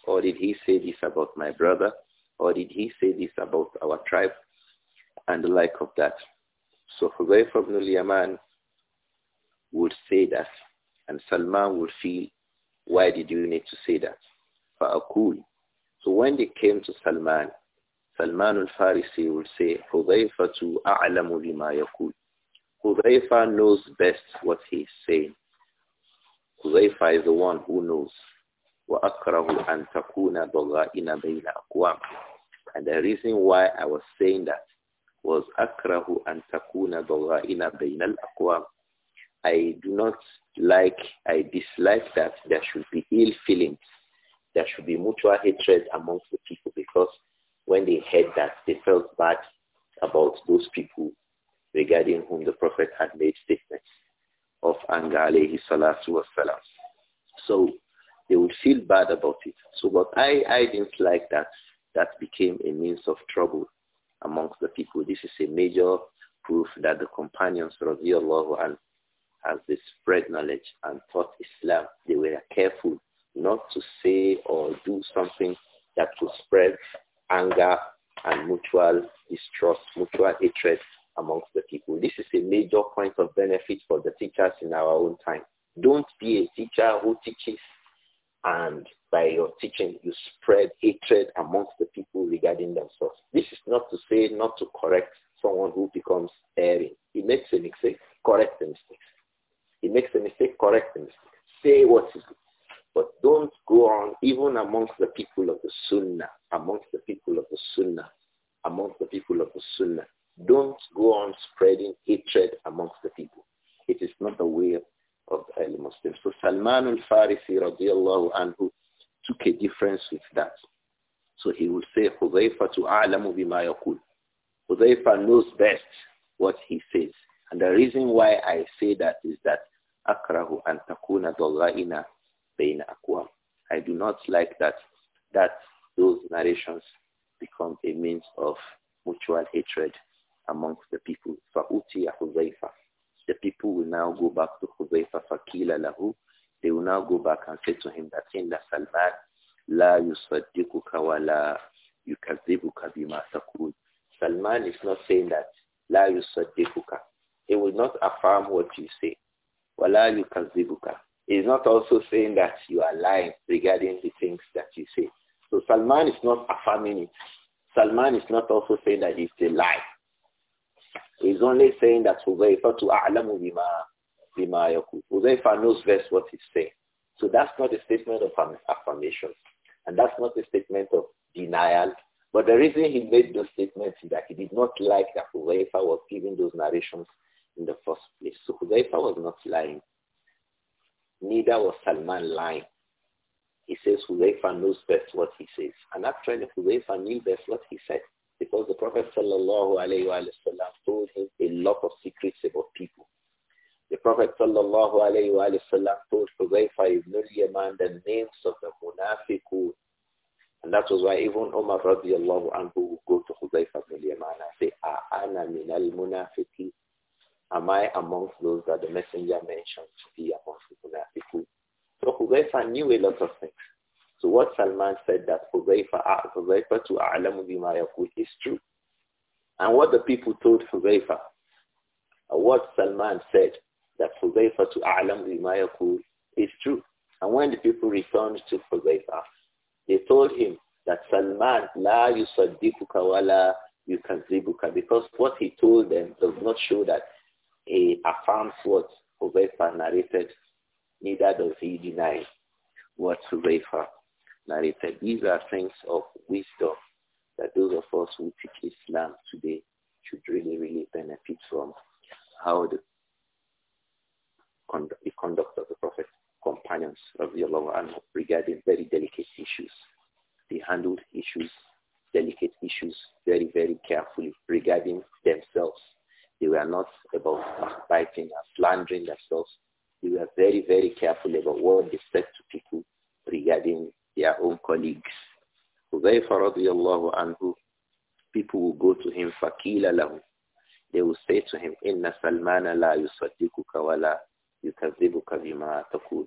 Or did he say this about my brother? Or did he say this about our tribe? And the like of that. So Hudayf ibn al-Yaman would say that and Salman would feel, why did you need to say that? فأقول So when they came to Salman, Salman al-Farisi would say, حُذَيْفَةُ أَعْلَمُ بِمَا يَقُولُ Hudayfa knows best what he is saying. Hudayfa is the one who knows. وَأَكْرَهُ أَن تَكُونَ ضَغَائِنَ بَيْنَ أَقْوَامٍ And the reason why I was saying that was akrahu an takuna ina bainal aqwam. I do not like, I dislike that there should be ill feelings. There should be mutual hatred amongst the people because when they heard that, they felt bad about those people regarding whom the Prophet had made statements of anger, alayhi salatu wasalam. So they would feel bad about it. So but I, I didn't like that. That became a means of trouble amongst the people. This is a major proof that the companions of Allah and as they spread knowledge and taught Islam, they were careful not to say or do something that could spread anger and mutual distrust, mutual hatred amongst the people. This is a major point of benefit for the teachers in our own time. Don't be a teacher who teaches and by your teaching you spread hatred amongst the people regarding themselves. This is not to say not to correct someone who becomes erring. He makes a mistake, correct the mistake. He makes a mistake, correct the mistake. Say what is good. But don't go on even amongst the people of the Sunnah, amongst the people of the Sunnah, amongst the people of the Sunnah. Don't go on spreading hatred amongst the people. It is not the way of the early Muslims. So Salman al-Farisi radiallahu anhu took a difference with that. So he would say, Hudhaifa to a'lamu bima yakul. Hudhaifa knows best what he says. And the reason why I say that is that akrahu an takuna dhagha'ina bayna aqwam. I do not like that that those narrations become a means of mutual hatred amongst the people. فَأُتِيَ حُذَيْفَةً the people will now go back to Hudayfa Fakila Lahu. They will now go back and say to him that in the Salman, La yusaddiquka wa You yukadzibuka bima Salman is not saying that La yusaddiquka. He will not affirm what you say. Wa la He is not also saying that you are lying regarding the things that you say. So Salman is not affirming it. Salman is not also saying that it's a lie. He's only saying that Huzaifa to a'lamu bima, bima yaku. Huzaifa knows best what he's saying. So that's not a statement of affirmation. And that's not a statement of denial. But the reason he made those statements is that he did not like that Huzaifa was giving those narrations in the first place. So Huzaifa was not lying. Neither was Salman lying. He says Huzaifa knows best what he says. And actually Huzaifa knew best what he said. Because the Prophet sallallahu alayhi wa told him a lot of secrets about people. The Prophet sallallahu alayhi wa told Huzaifa ibn al-Yaman the names of the munafiqun. And that was why even Umar radiallahu anhu would go to Huzaifa ibn al-Yaman and say, A'ana ah, min al-munafiqi. Am I amongst those that the messenger mentioned to be amongst the munafiqun? So Huzaifa knew a lot of things. So what Salman said that Hudayfa ah, to a'lamu bima yakul is true. And what the people told Hudayfa, uh, what Salman said that Hudayfa to a'lamu bima yakul is true. And when the people returned to Hudayfa, they told him that Salman la yusaddiquka wa la yukadzibuka because what he told them does not show that he affirms what Hudayfa narrated, neither does he deny what Hudayfa narrated. These are things of wisdom that those of us who teach Islam today should really, really benefit from how the, the conduct of the Prophet companions of the Allah regarding very delicate issues. They handled issues, delicate issues, very, very carefully regarding themselves. They were not about fighting and slandering themselves. They were very, very careful about what they said to people regarding their own colleagues. Hudayfa radiallahu anhu, people will go to him, fakila lahum. They will say to him, inna salmana la yusaddikuka wa la yukazibuka bima takul.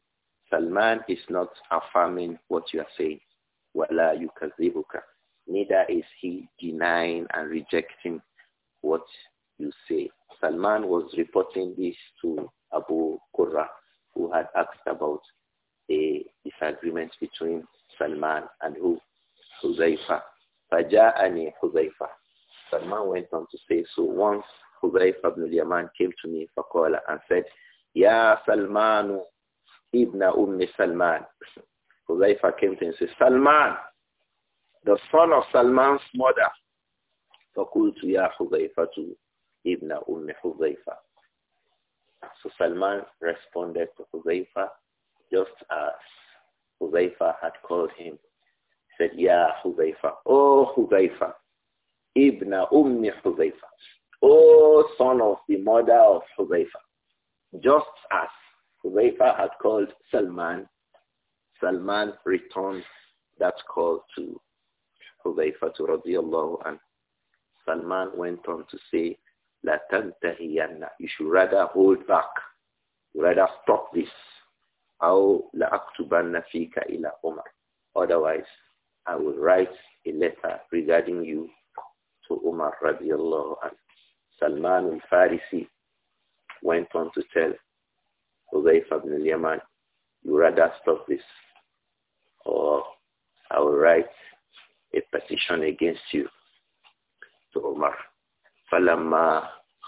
Salman is not affirming what you are saying. Wala yukazibuka. Neither is he denying and rejecting what you say. Salman was reporting this to Abu Qurra, who had asked about a disagreement between Salman and who? Huzaifa. Faja'ani Huzaifa. Salman went on to say, so once Huzaifa ibn Yaman came to me, call and said, Ya Salmanu ibn Ummi Salman. Huzaifa came to him and said, Salman, the son of Salman's mother. فقلت يا حذيفة ibn أم حذيفة. So Salman responded to Huzaifa just as Huzaifa had called him. He said, Ya Huzaifa, oh, Huzaifa, Ibn Ummi Huzaifa, oh, son of the mother of Huzaifa. Just as Huzaifa had called Salman, Salman returned that call to Huzaifa to radiallahu and Salman went on to say, La tantahiyanna. You should rather hold back. You rather stop this. أو لأكتبن فيك إلى عمر Otherwise, I will write a letter regarding you to Umar radiallahu And Salman al-Farisi went on to tell Hudayfa ibn al you rather stop this or I will write a petition against you to Umar. فَلَمَّا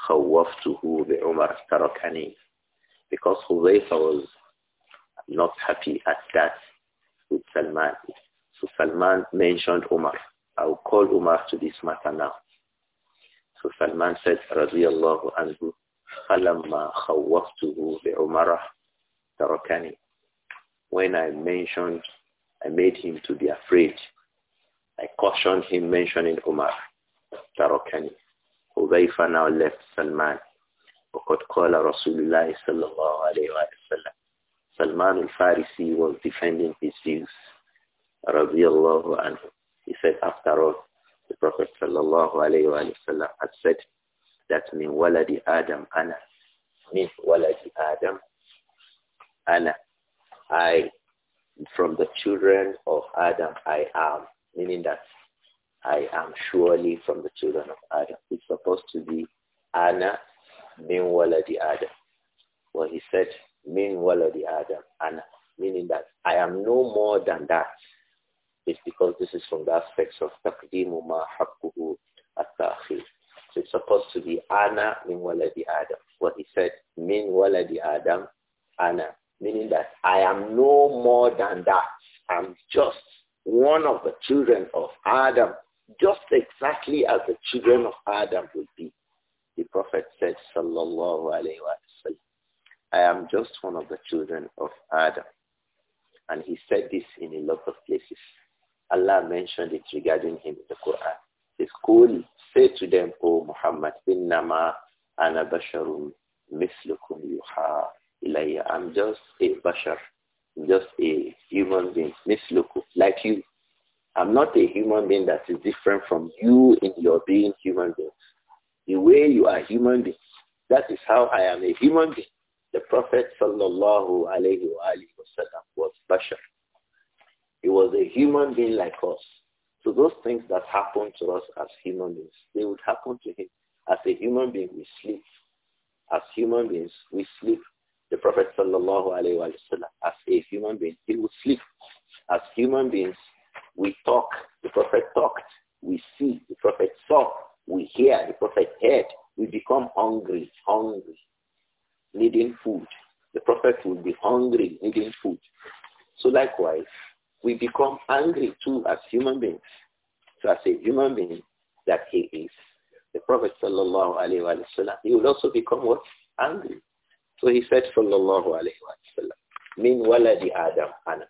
خَوَّفْتُهُ بِعُمَرَ تَرَكَنِي Because Hudayfa was not happy at that with Salman. So Salman mentioned Omar. I will call Omar to this matter now. So Salman said, Radiallahu anhu, فَلَمَّا bi بِعُمَرَ تَرَكَنِي When I mentioned, I made him to be afraid. I cautioned him mentioning Omar. تَرَكَنِي Hudayfa now left Salman. وقد قال رسول الله صلى الله عليه وسلم Salman al-Farisi was defending his views, radiallahu anhu. He said, after all, the Prophet sallallahu alayhi wa sallam had said that min waladi Adam ana, min waladi Adam ana, I, from the children of Adam I am, meaning that I am surely from the children of Adam. It's supposed to be ana min waladi Adam. Well, he said, min the Adam, ana, meaning that I am no more than that. It's because this is from the aspects of taqdimu ma haqquhu at So it's supposed to be ana min waladi Adam. What he said, min waladi Adam, ana, meaning that I am no more than that. I'm just one of the children of Adam, just exactly as the children of Adam would be. The Prophet said, sallallahu alaihi I am just one of the children of Adam. And he said this in a lot of places. Allah mentioned it regarding him in the Quran. He school say to them, O Muhammad, innama ana basharun mislukum yuha ilayya. I'm just a bashar, just a human being, mislukum, like you. I'm not a human being that is different from you in your being human beings. The way you are human beings, that is how I am a human being. The Prophet sallallahu alayhi wasallam was Bashar. He was a human being like us. So those things that happen to us as human beings, they would happen to him. As a human being, we sleep. As human beings, we sleep. The Prophet sallallahu alayhi wa sallam, as a human being, he would sleep. As human beings, we talk. The Prophet talked. We see. The Prophet saw. We hear. The Prophet heard. We become hungry, hungry, needing food. The prophet would be hungry, needing food. So likewise, we become angry too as human beings. So as a human being that he is, the Prophet sallallahu alayhi wasallam. he would also become what? Angry. So he said sallallahu alayhi wasallam, min waladi Adam ana.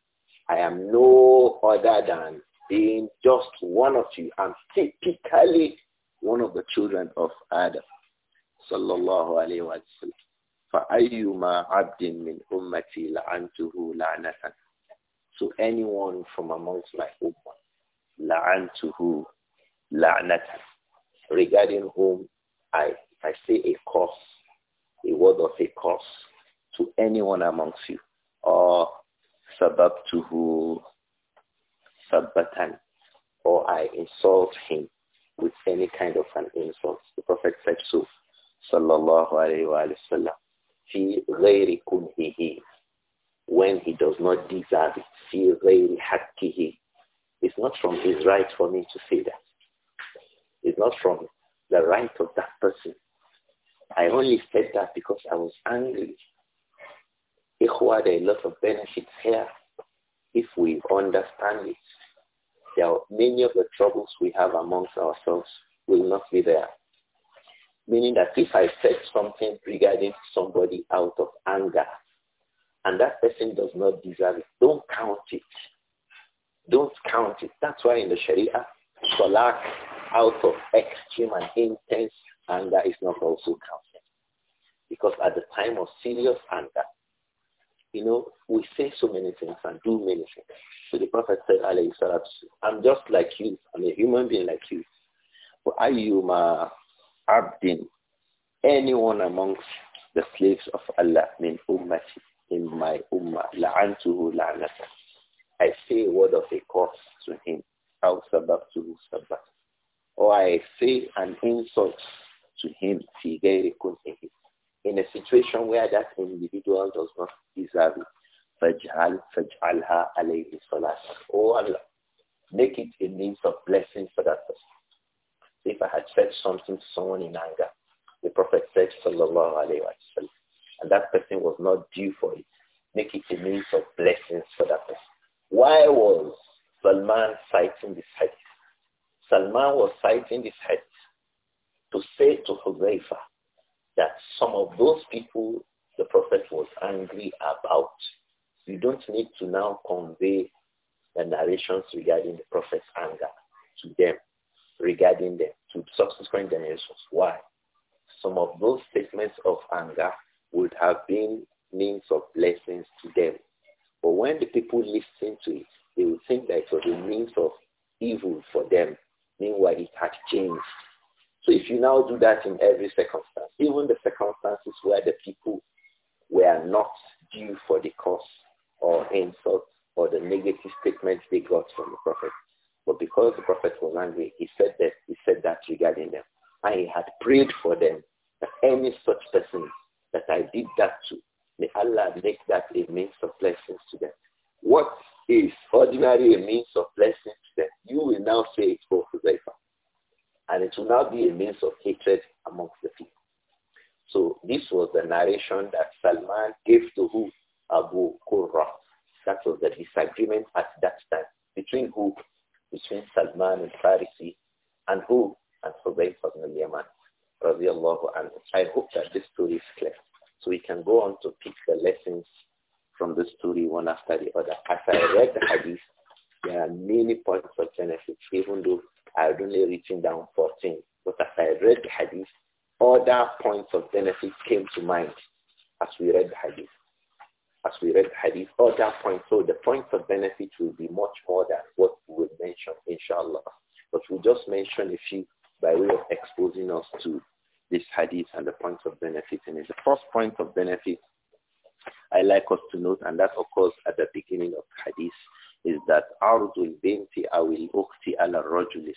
I am no other than being just one of you. I'm typically one of the children of Adam. Sallallahu alayhi wasallam. فَأَيُّمَا عَبْدٍ مِّنْ أُمَّتِي لَعَنْتُهُ لَعْنَةً So anyone from amongst my ummah, لَعَنْتُهُ لَعْنَةً Regarding whom I, I say a curse, a word of a curse to anyone amongst you. Or sababtuhu sabbatan. Or I insult him with any kind of an insult. The Prophet said so. Sallallahu alayhi wa sallam fi ghayri kunhihi. When he does not deserve it, fi ghayri haqqihi. It's not from his right for me to say that. It's not from the right of that person. I only said that because I was angry. there are a lot of benefits here if we understand it. There are many of the troubles we have amongst ourselves will not be there Meaning that if I said something regarding somebody out of anger, and that person does not deserve it, don't count it. Don't count it. That's why in the Sharia, talaq out of extreme and intense anger is not also counted. Because at the time of serious anger, you know, we say so many things and do many things. So the Prophet said, I'm just like you. I'm a human being like you. وَأَيُّمَا abdin, anyone amongst the slaves of Allah, min ummati, in my ummah, la'antuhu la'natan. I say a word of a curse to him, aw sababtuhu sabat. Or I say an insult to him, fi ghairi in a situation where that individual does not deserve it. Faj'al, faj'alha alayhi salat. Oh Allah, make it a means of blessing for that person if I had said something to someone in anger, the Prophet said, Sallallahu Alaihi Wasallam, and that person was not due for it, make it a means of blessings for that person. Why was Salman citing this hadith? Salman was citing this hadith to say to Hudhaifa that some of those people the Prophet was angry about, you don't need to now convey the narrations regarding the Prophet's anger to them regarding them to subsequent generations. Why? Some of those statements of anger would have been means of blessings to them. But when the people listen to it, they will think that it was a means of evil for them. Meanwhile, it had changed. So if you now do that in every circumstance, even the circumstances where the people were not due for the cause or insult or the negative statements they got from the prophet, but because the Prophet was angry, he said that he said that regarding them. I had prayed for them that any such person that I did that to, may Allah make that a means of blessings to them. What is ordinarily a means of blessings to them? You will now say it for Huzaifa. And it will now be a means of hatred amongst the people. So this was the narration that Salman gave to mind as we read the hadith. As we read the hadith, other points. So the points of benefit will be much more than what we will mention, inshallah. But we'll just mention a few by way of exposing us to this hadith and the points of benefit in it. The first point of benefit I like us to note, and that occurs at the beginning of the hadith, is that عرض البنت أو الأخت على الرجل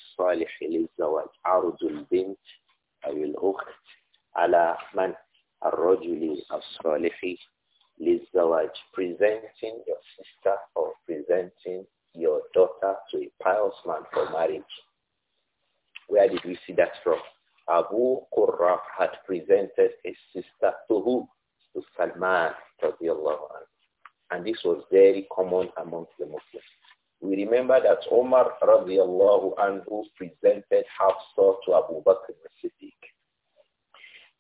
that Umar radiallahu anhu presented Hafsa to Abu Bakr al-Siddiq.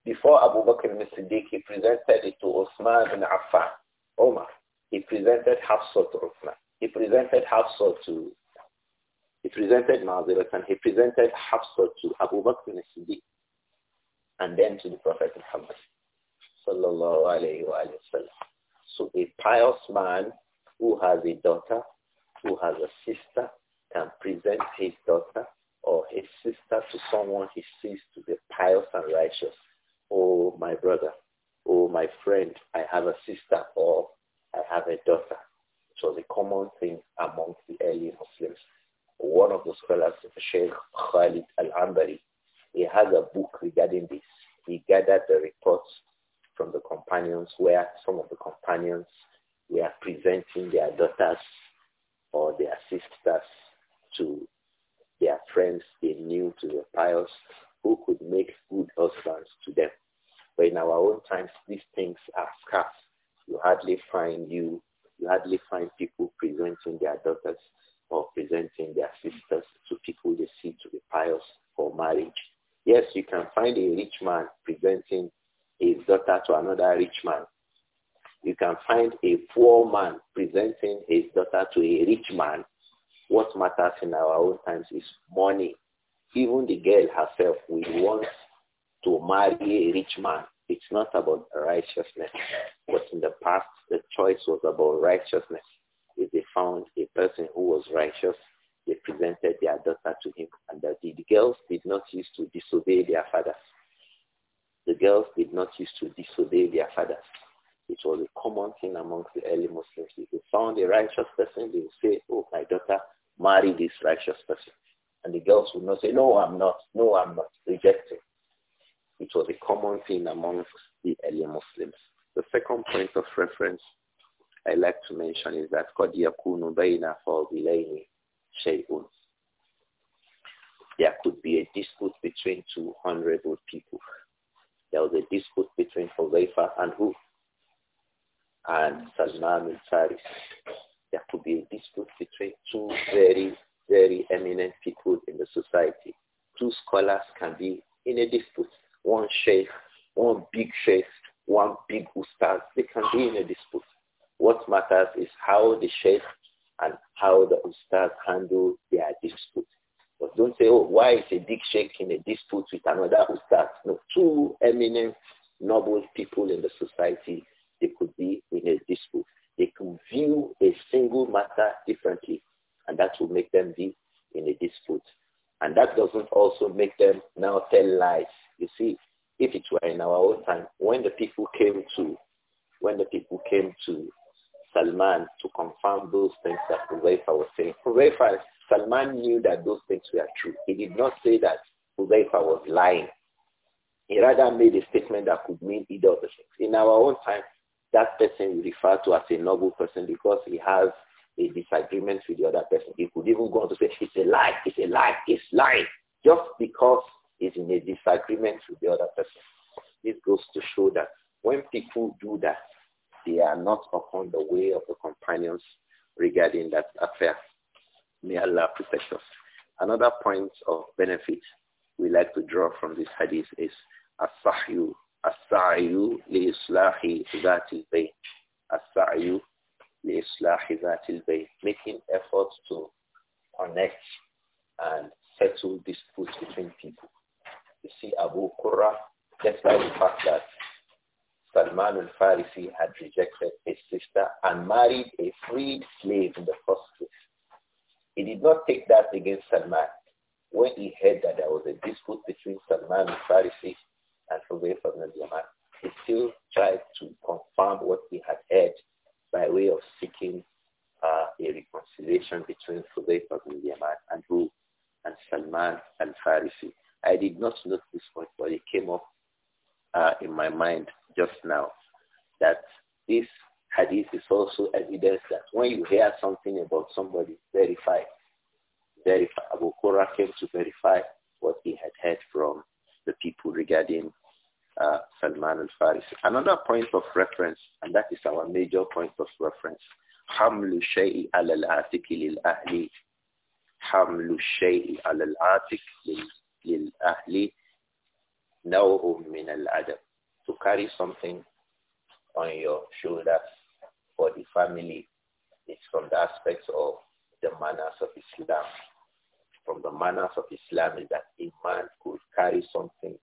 Before Abu Bakr al-Siddiq, he presented it to Uthman bin Affan, Omar, He presented Hafsa to Uthman. He presented Hafsa to, he presented Mazirat and he presented Hafsa to Abu Bakr find a rich man presenting his daughter to another rich man. You can find a poor man presenting his daughter to a rich man. What matters in our own times is money. Even the girl herself will want to marry a rich man. It's not about righteousness. But in the past, the choice was about righteousness. If they found a person who was righteous, they presented their daughter to him, and the girls did not used to disobey their fathers. The girls did not used to disobey their fathers. It was a common thing amongst the early Muslims. If they found a righteous person, they would say, oh, my daughter, marry this righteous person. And the girls would not say, no, I'm not. No, I'm not. Rejecting. It was a common thing amongst the early Muslims. The second point of reference I like to mention is that قد يكون بين فاضلين there could be a dispute between two honorable people. There was a dispute between Hudayfa and who? And Salman al taris There could be a dispute between two very, very eminent people in the society. Two scholars can be in a dispute. One sheikh, one big sheikh, one big ustaz. They can be in a dispute. What matters is how the sheikh and how the ustad handle their dispute. But don't say, oh, why is a big sheikh in a dispute with another ustad? No, two eminent, noble people in the society, they could be in a dispute. They could view a single matter differently, and that will make them be in a dispute. And that doesn't also make them now tell lies. You see, if it were in our own time, when the people came to, when the people came to Salman to confirm those things that Huzaifa was saying. Huzaifa, Salman knew that those things were true. He did not say that Huzaifa was lying. He rather made a statement that could mean either of the things. In our own time, that person we refer to as a noble person because he has a disagreement with the other person. He could even go on to say, it's a lie, it's a lie, it's lying, just because he's in a disagreement with the other person. This goes to show that when people do that, they are not upon the way of the companions regarding that affair. May Allah protect us. Another point of benefit we like to draw from this hadith is as-sahyu, li-islahi dhati bay, bayn As-sa'yu li-islahi dhati bay, Making efforts to connect and settle disputes between people. You see Abu Qurra, despite the fact that Salman al-Farisi had rejected his sister and married a freed slave in the first place. He did not take that against Salman. When he heard that there was a dispute between Salman al-Farisi and Hudayf from al-Yaman, he still tried to confirm what he had heard by way of seeking uh, a reconciliation between Hudayf ibn al-Yaman and who? And Salman al-Farisi. I did not note this point, but it came up uh, in my mind just now that this hadith is also evidence that when you hear something about somebody, verify. Verify. Abu Qura came to verify what he had heard from the people regarding uh, Salman al farsi Another point of reference, and that is our major point of reference, حمل الشيء على العاتق للأهل حمل الشيء على العاتق للأهل نَوْءٌ مِنَ الْعَدَبِ To carry something on your shoulders for the family is from the aspects of the manners of Islam. From the manners of Islam is that a man could carry something.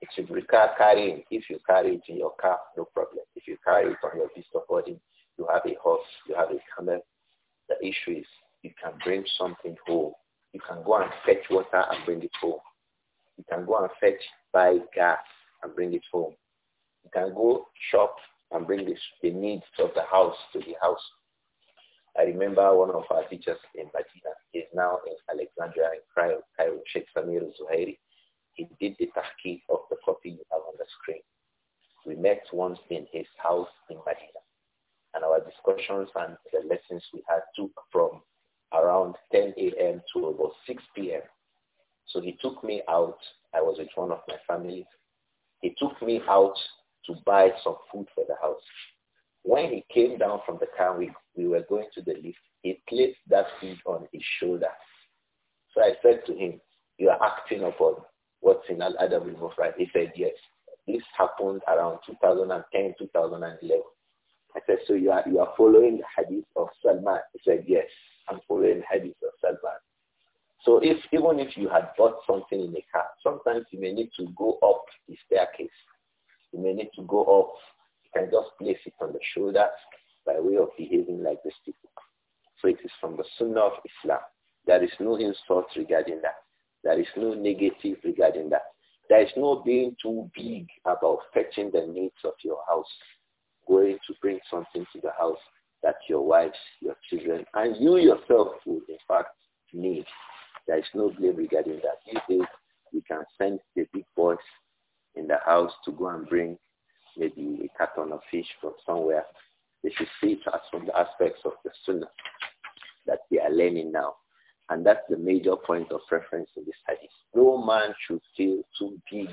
It should require carrying. If you carry it in your car, no problem. If you carry it on your beast of you have a horse, you have a camel. The issue is you can bring something home. You can go and fetch water and bring it home. You can go and fetch buy gas and bring it home. You can go shop and bring this, the needs of the house to the house. I remember one of our teachers in Medina, is now in Alexandria in Cairo, Cairo Sheikh Samir Zuhairi. He did the tahqiq of the copy you have on the screen. We met once in his house in Medina, and our discussions and the lessons we had took from around 10 a.m. to about 6 p.m. So he took me out I was with one of my family. He took me out to buy some food for the house. When he came down from the car, we, we were going to the lift. He placed that food on his shoulder. So I said to him, you are acting upon what's in Al-Adab al-Mufrad. He said, yes. This happened around 2010, 2011. I said, so you are, you are following the hadith of Salman? He said, yes, I'm following the hadith of Salman. So if even if you had bought something in a car, sometimes you may need to go up the staircase. You may need to go up. You can just place it on the shoulder by way of behaving like this people. So it is from the Sunnah of Islam. There is no insult regarding that. There is no negative regarding that. There is no being too big about fetching the needs of your house, going to bring something to the house that your wives, your children, and you yourself would in fact need. There is no blame regarding that. These days, we can send the big boys in the house to go and bring maybe a carton of fish from somewhere. They should see it as from the aspects of the sunnah that they are learning now. And that's the major point of reference in this studies. No man should feel too big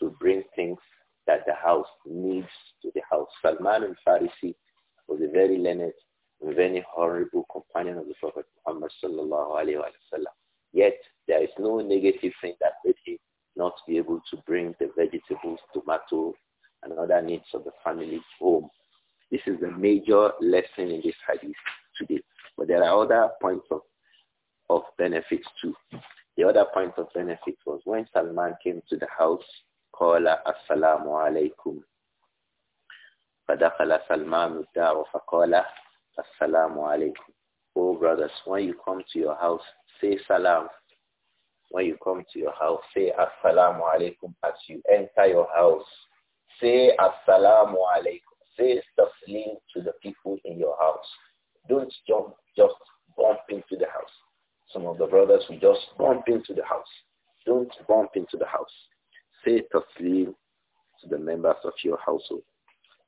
to bring things that the house needs to the house. Salman al-Farisi was a very learned, very honorable companion of the Prophet Muhammad sallallahu alayhi wa sallam. Yet there is no negative thing that makes him not be able to bring the vegetables, tomato, and other needs of the family home. This is the major lesson in this hadith today. But there are other points of, of benefits too. The other point of benefit was when Salman came to the house, Kola assalamu alaykum. فدخل سلمان الدار فقال Assalamu Alaikum. Oh brothers, when you come to your house, say salam. When you come to your house, say assalamu alaikum as you enter your house. Say assalamu alaikum. Say taslim to the people in your house. Don't jump, just bump into the house. Some of the brothers will just bump into the house. Don't bump into the house. Say taslim to the members of your household.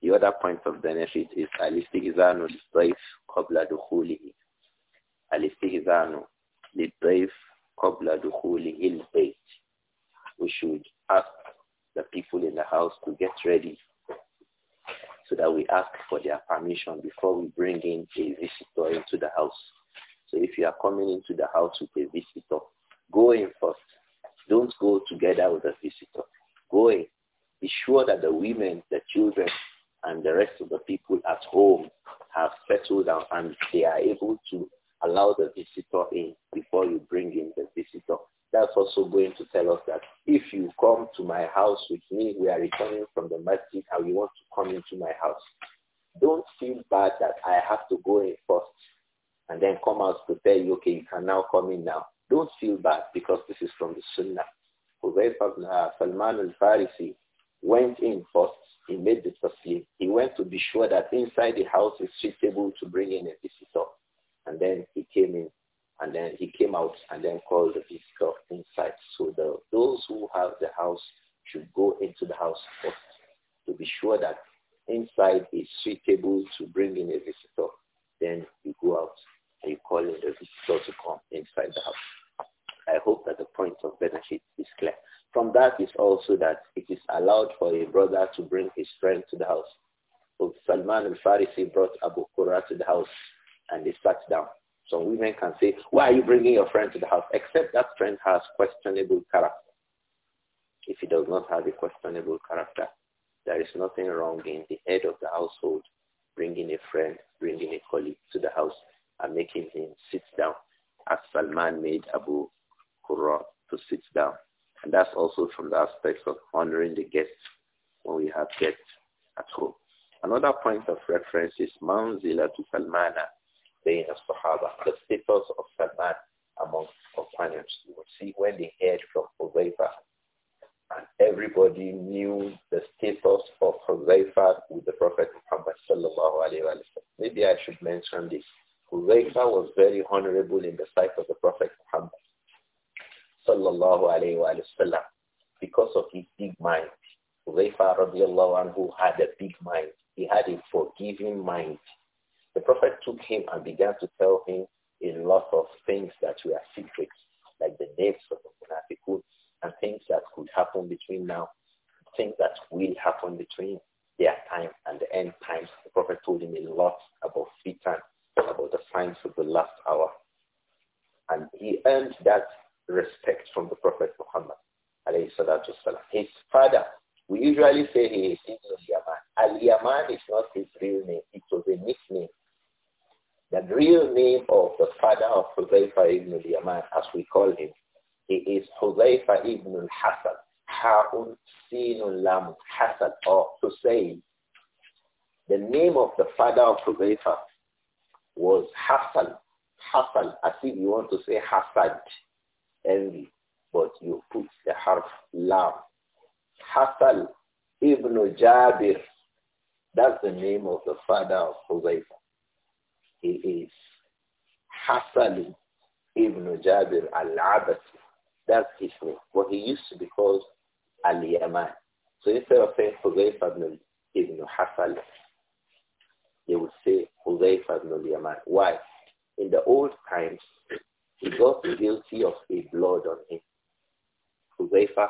The other point of benefit is al-istighzanu al-sayf qabla Al-istighzanu the brave Kobla قبل دخوله البيت. We should ask the people in the house to get ready so that we ask for their permission before we bring in a visitor into the house. So if you are coming into the house with a visitor, go in first. Don't go together with the visitor. Go in. Be sure that the women, the children, and the rest of the people at home have settled down and they are able to allow the visitor in before you bring in the visitor. That's also going to tell us that if you come to my house with me, we are returning from the masjid and you want to come into my house. Don't feel bad that I have to go in first and then come out to tell you, okay, you can now come in now. Don't feel bad because this is from the Sunnah. Uh, Salman al-Farisi went in first. He made the taslim. He went to be sure that inside the house is suitable to bring in a visitor and then he came in, and then he came out, and then called the visitor inside. So the, those who have the house should go into the house first to be sure that inside is suitable to bring in a visitor. Then you go out and you call in the visitor to come inside the house. I hope that the point of benefit is clear. From that is also that it is allowed for a brother to bring his friend to the house. So Salman al-Farisi brought Abu Qura to the house and they sat down. Some women can say, why are you bringing your friend to the house? Except that friend has questionable character. If he does not have a questionable character, there is nothing wrong in the head of the household bringing a friend, bringing a colleague to the house and making him sit down as Salman made Abu Qurra to sit down. And that's also from the aspect of honoring the guests when we have guests at home. Another point of reference is Manzila to Salmana saying of Sahaba, the status of man amongst companions. You would see when they heard from Huzaifa, and everybody knew the status of Huzaifa with the Prophet Muhammad sallallahu alayhi wa Maybe I should mention this. Huzaifa was very honorable in the sight of the Prophet Muhammad sallallahu alayhi wa sallam because of his big mind. Huzaifa radiallahu anhu had a big mind. He had a forgiving mind. The Prophet took him and began to tell him a lot of things that were secret, like the names of the Munafiqun and things that could happen between now, things that will happen between their time and the end times. The Prophet told him a lot about fitan, about the signs of the last hour. And he earned that respect from the Prophet Muhammad. His father, we usually say he is Ibn Yaman. Al-Yaman is not his real name. It was a nickname the real name of the father of Huzaifa ibn al-Yaman, as we call him, he is Huzaifa ibn al-Hasan, Ha'un Sinun Lam Hasan or Hussein. The name of the father of Huzaifa was Hasan, Hasan, as if you want to say Hasan, envy, but you put the harf Lam. Hasan ibn Jabir, that's the name of the father of Huzaifa. He is Hassan ibn Jabir al-Abasi. That's his name. What he used to be called al-Yaman. So instead of saying Hudayfa ibn, ibn Hassan, they would say Hudayfa ibn al-Yaman. Why? In the old times, he got guilty of a blood on him. Hudayfa,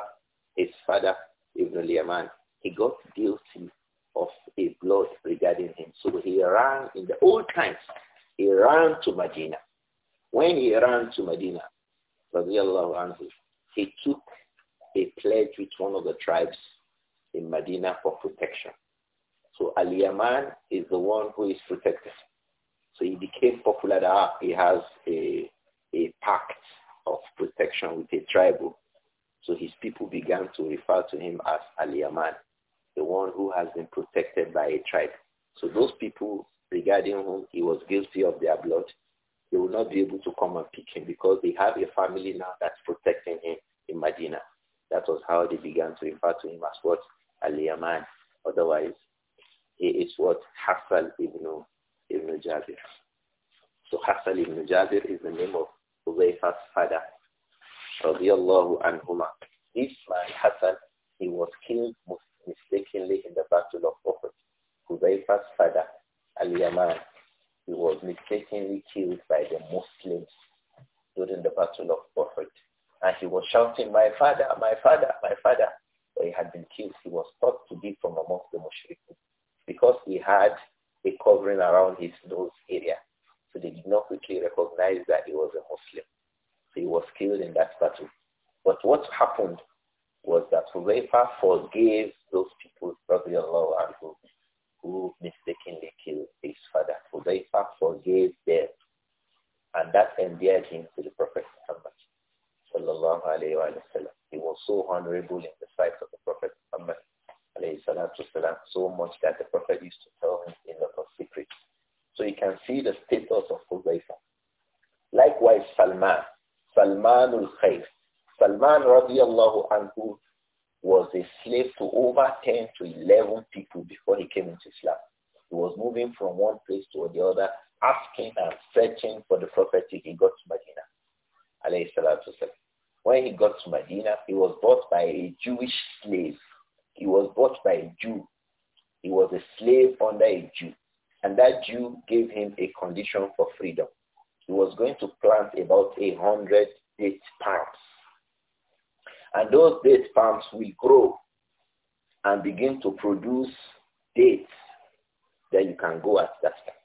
his father, Ibn al-Yaman, he got guilty of a blood regarding him. So he ran in the old times. He ran to Medina. When he ran to Medina, anhu, he took a pledge with one of the tribes in Medina for protection. So Ali yaman is the one who is protected. So he became popular that ah, he has a, a pact of protection with a tribe. So his people began to refer to him as Ali yaman the one who has been protected by a tribe. So those people regarding whom he was guilty of their blood, they will not be able to come and pick him because they have a family now that's protecting him in Medina. That was how they began to refer to him as what? Al-Yaman. Otherwise, he is what? Hassal ibn, ibn Jabir. So Hassal ibn Jabir is the name of Uzaifa's father. This man, Hassan, he was killed mistakenly in the Battle of Uhud. Hudayfa's father, Al-Yaman, he was mistakenly killed by the Muslims during the Battle of Uhud. And he was shouting, my father, my father, my father. But he had been killed. He was thought to be from amongst the Mushrikun because he had a covering around his nose area. So they did not quickly recognize that he was a Muslim. So he was killed in that battle. But what happened was that Huzaifa forgave those people, brother radiallahu and who who mistakenly killed his father. Huzaifa forgave them. And that endeared him to the Prophet Muhammad. Sallallahu alayhi wa sallam. He was so honorable in the sight of the Prophet Muhammad. Wasalam, so much that the Prophet used to tell him in the of secrets. So you can see the status of Huzaifa. Likewise, Salman. Salman al-Khayf. Salman radiallahu anhu was a slave to over 10 to 11 people before he came into Islam. He was moving from one place to the other, asking and searching for the prophet he got to Medina. When he got to Medina, he was bought by a Jewish slave. He was bought by a Jew. He was a slave under a Jew. And that Jew gave him a condition for freedom. He was going to plant about a hundred date palms and those date palms will grow and begin to produce dates. Then you can go at that time.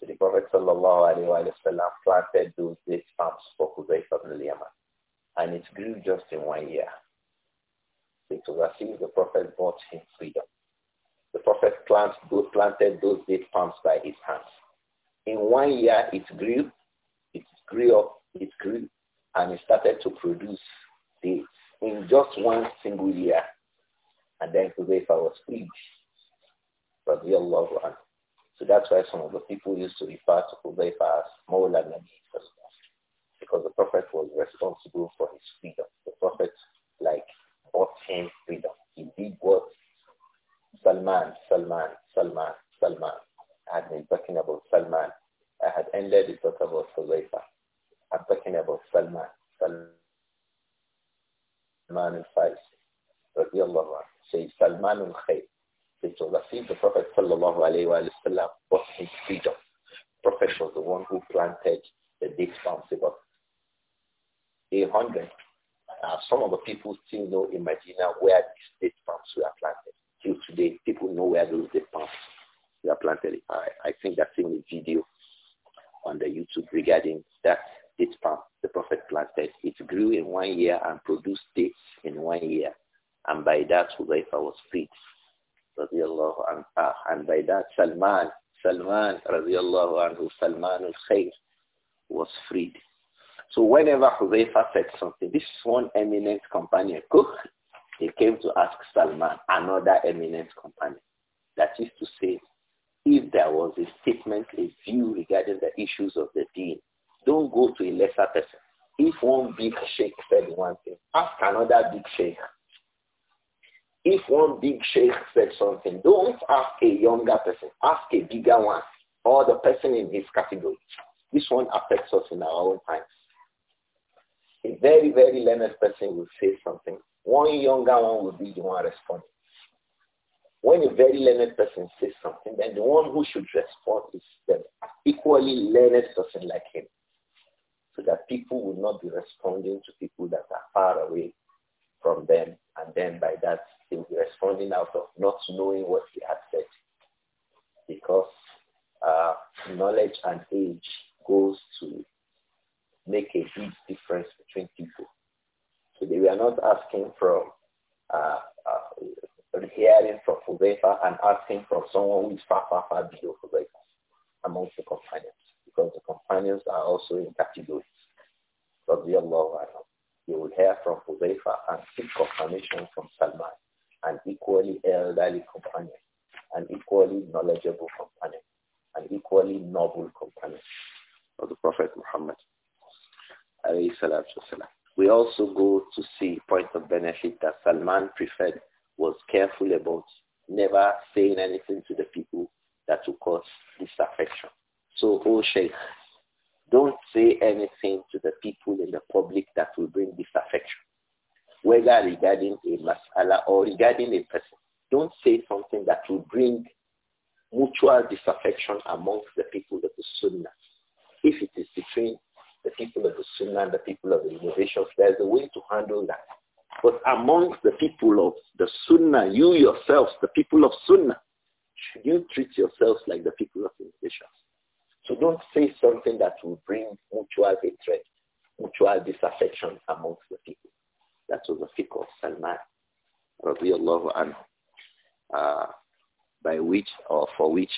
So the Prophet sallallahu alaihi wa sallam planted those date palms for Hudayf ibn Yaman. And it grew just in one year. It was as if the Prophet bought him freedom. The Prophet planted those date palms by his hands. In one year, it grew, it grew up, it grew, and he started to produce dates in just one single year. And then Hudayfa was freed. Radiallahu anhu. So that's why some of the people used to refer to Hudayfa as Mawla Nabi because the Prophet was responsible for his freedom. The Prophet, like, bought him freedom. He did what Salman, Salman, Salman, Salman. I had been talking about Salman. I had ended the talk about Hudayfa. I'm talking about Salman. Salman al-Farisi. Radiallahu anhu. Says Salman al-Khayr. It was as if the Prophet sallallahu alayhi wa sallam bought his freedom. Prophet was the one who planted the date farms sabre. eight hundred. Uh, some of the people still know in Medina where these date palms were planted. Till today, people know where those date palms were planted. I, I think that's in the a video on the YouTube regarding that this palm the Prophet planted. It grew in one year and produced dates in one year. And by that, Hudayfa was freed. Radiallahu anhu. Ah, and by that, Salman, Salman, radiallahu anhu, Salman al-Khair was freed. So whenever Hudayfa said something, this one eminent companion, Cook, he came to ask Salman, another eminent companion. That is to say, if there was a statement, a view regarding the issues of the deen, don't go to a lesser person. If one big sheikh said one thing, ask another big sheikh. If one big sheikh said something, don't ask a younger person. Ask a bigger one or the person in his category. This one affects us in our own times. A very, very learned person will say something. One younger one will be the one responding. When a very learned person says something, then the one who should respond is the equally learned person like him so that people will not be responding to people that are far away from them. And then by that, they will be responding out of not knowing what they have said. Because uh, knowledge and age goes to make a huge difference between people. So they were not asking from uh, uh, hearing from Fubefa and asking from someone who is far, far, far below Fubefa amongst the companions because the companions are also in category. You will hear from Huzaifa and seek confirmation from Salman, an equally elderly companion, an equally knowledgeable companion, an equally noble companion of the Prophet Muhammad. We also go to see points of benefit that Salman preferred was careful about never saying anything to the people that would cause disaffection. So, oh Sheikh, don't say anything to the people in the public that will bring disaffection, whether regarding a masala or regarding a person. Don't say something that will bring mutual disaffection amongst the people of the Sunnah. If it is between the people of the Sunnah and the people of the innovations, there's a way to handle that. But amongst the people of the Sunnah, you yourselves, the people of Sunnah, should you treat yourselves like the people of innovations? So don't say something that will bring mutual hatred, mutual disaffection amongst the people. That was the fiqh of Salman, radiallahu anhu, uh, by which or for which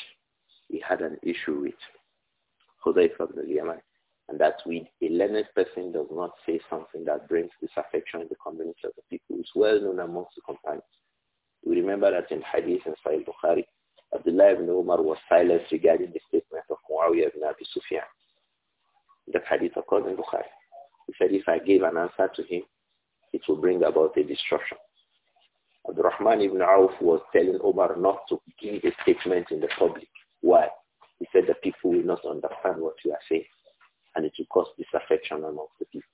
he had an issue with Hudayfa ibn al-Yaman. And that we, a learned person does not say something that brings disaffection in the community of the people. It's well known amongst the companions. We remember that in Hadith in Sahih Bukhari, Abdullah ibn Umar was silent regarding the statement of Muawiyah ibn Abi Sufyan. That hadith occurs in Bukhari. He said, if I give an answer to him, it will bring about a destruction. Abdurrahman ibn Auf was telling Umar not to give a statement in the public. Why? He said the people will not understand what you are saying and it will cause disaffection amongst the people.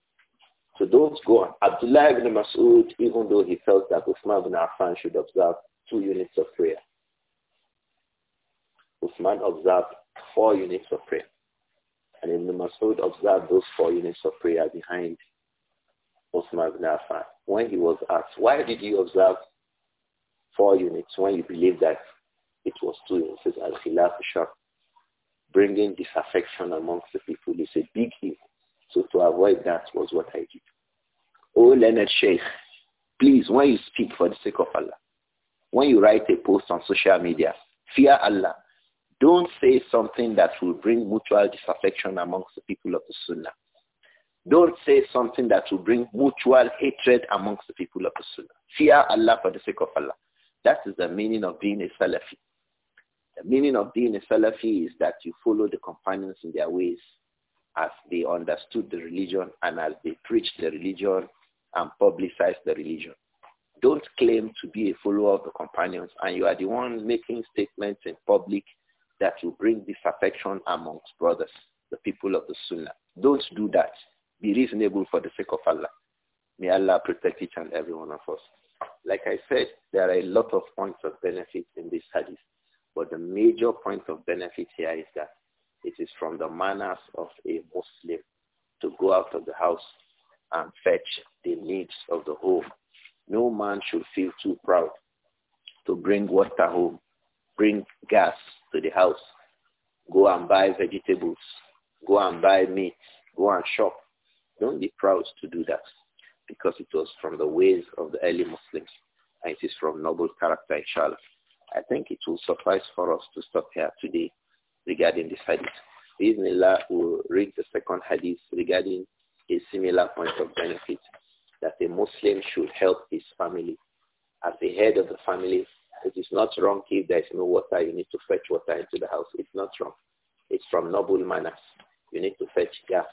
So those go on. Abdullah ibn Mas'ud, even though he felt that Uthman ibn Affan should observe two units of prayer, Uthman observed four units of prayer. And Ibn Masud observed those four units of prayer behind Uthman ibn Affan. When he was asked, why did you observe four units when you believed that it was two units? He says, Al-Khilaf Shar. Bringing disaffection amongst the people is a big evil. So to avoid that was what I did. Oh, Leonard Sheikh, please, when you speak for the sake of Allah, when you write a post on social media, fear Allah. Don't say something that will bring mutual disaffection amongst the people of the Sunnah. Don't say something that will bring mutual hatred amongst the people of the Sunnah. Fear Allah for the sake of Allah. That is the meaning of being a Salafi. The meaning of being a Salafi is that you follow the companions in their ways as they understood the religion and as they preached the religion and publicized the religion. Don't claim to be a follower of the companions and you are the one making statements in public that will bring disaffection amongst brothers, the people of the Sunnah. Don't do that. Be reasonable for the sake of Allah. May Allah protect each and every one of us. Like I said, there are a lot of points of benefit in this hadith. But the major point of benefit here is that it is from the manners of a Muslim to go out of the house and fetch the needs of the home. No man should feel too proud to bring water home, bring gas to the house. Go and buy vegetables. Go and buy meat. Go and shop. Don't be proud to do that because it was from the ways of the early Muslims and it is from noble character, inshallah. I think it will suffice for us to stop here today regarding this hadith. Bismillah will read the second hadith regarding a similar point of benefit that a Muslim should help his family. As the head of the family, it is not wrong if there is no water, you need to fetch water into the house. It's not wrong. It's from noble manners. You need to fetch gas.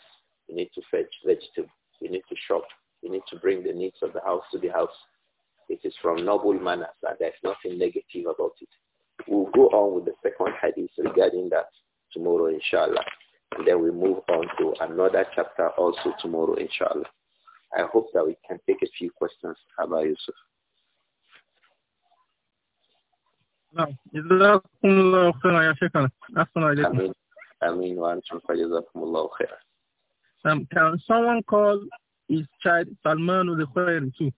You need to fetch vegetable. You need to shop. You need to bring the needs of the house to the house. It is from noble manners and there's nothing negative about it. We'll go on with the second hadith regarding that tomorrow, inshallah. And then we move on to another chapter also tomorrow, inshallah. I hope that we can take a few questions, about Yusuf. نعم جزاكم الله خيرا يا شيخنا أحسن إليكم أمين أمين وأنتم فجزاكم الله خيرا um, Can someone call his child Salman al-Khair too?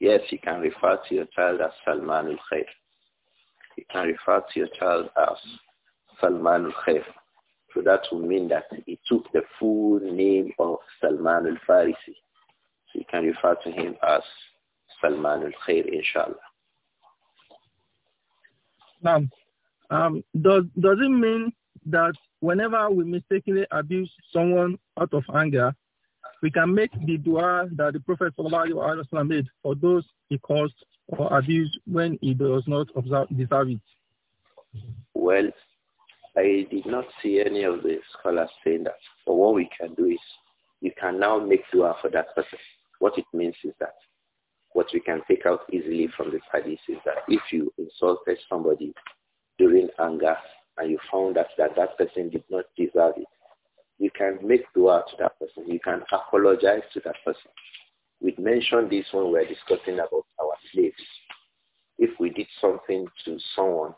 Yes, you can refer to your child as Salman al-Khair. You can refer to your child as Salman al-Khair. So that would mean that he took the full name of Salman al-Farisi. So you can refer to him as Salman al-Khair, inshallah. Islam, um, does, does it mean that whenever we mistakenly abuse someone out of anger, we can make the dua that the Prophet ﷺ made for those he caused or abused when he does not observe, deserve it? Well, I did not see any of the scholars saying that. But what we can do is you can now make dua for that person. What it means is that what we can take out easily from this hadith is that if you insulted somebody during anger and you found out that that person did not deserve it, you can make dua to that person. You can apologize to that person. We mentioned this when we were discussing about our slaves. If we did something to someone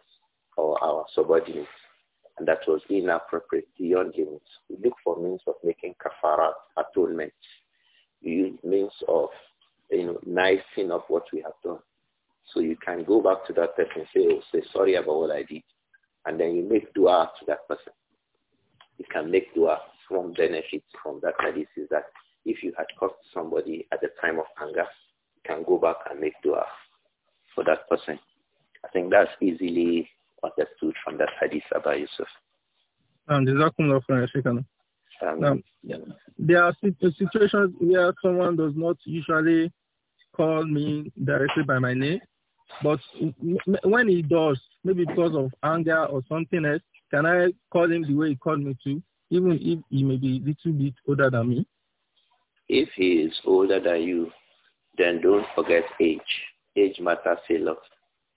or our subordinates and that was inappropriate beyond limits, we look for means of making kafarat, atonement. We use means of you know, knifing of what we have done. So you can go back to that person and say, oh, say sorry about what I did. And then you make dua to that person. You can make dua. From benefits from that hadith is that if you had caught somebody at the time of anger, you can go back and make dua for that person. I think that's easily understood from that hadith about Yusuf. Um, um, um, yeah. There are situations where someone does not usually call me directly by my name. But when he does, maybe because of anger or something else, can I call him the way he called me to, even if he may be a little bit older than me? If he is older than you, then don't forget age. Age matters a lot.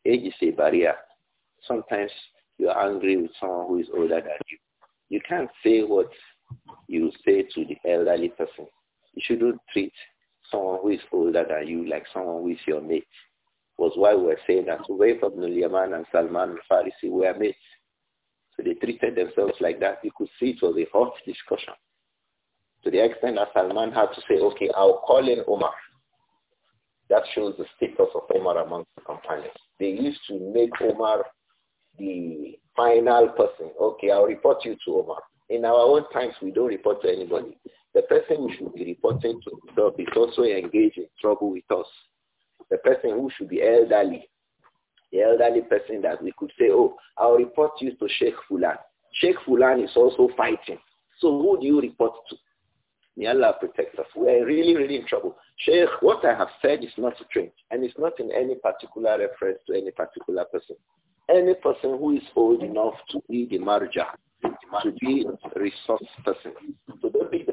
Age is a barrier. Sometimes you're angry with someone who is older than you. You can't say what you say to the elderly person. You shouldn't treat someone who is older than you, like someone who is your mate, was why we were saying that Ubayf ibn from yaman and Salman al-Farisi were mates. So they treated themselves like that. You could see it was a hot discussion. To the extent that Salman had to say, okay, I'll call in Omar. That shows the status of Omar amongst the companions. They used to make Omar the final person. Okay, I'll report you to Omar. In our own times, we don't report to anybody. The person who should be reporting to himself is also engaged in trouble with us. The person who should be elderly, the elderly person that we could say, oh, I'll report you to Sheikh Fulan. Sheikh Fulan is also fighting. So who do you report to? May Allah protect us. We're really, really in trouble. Sheikh, what I have said is not strange, and it's not in any particular reference to any particular person. Any person who is old enough to be the marja, to be a resource person,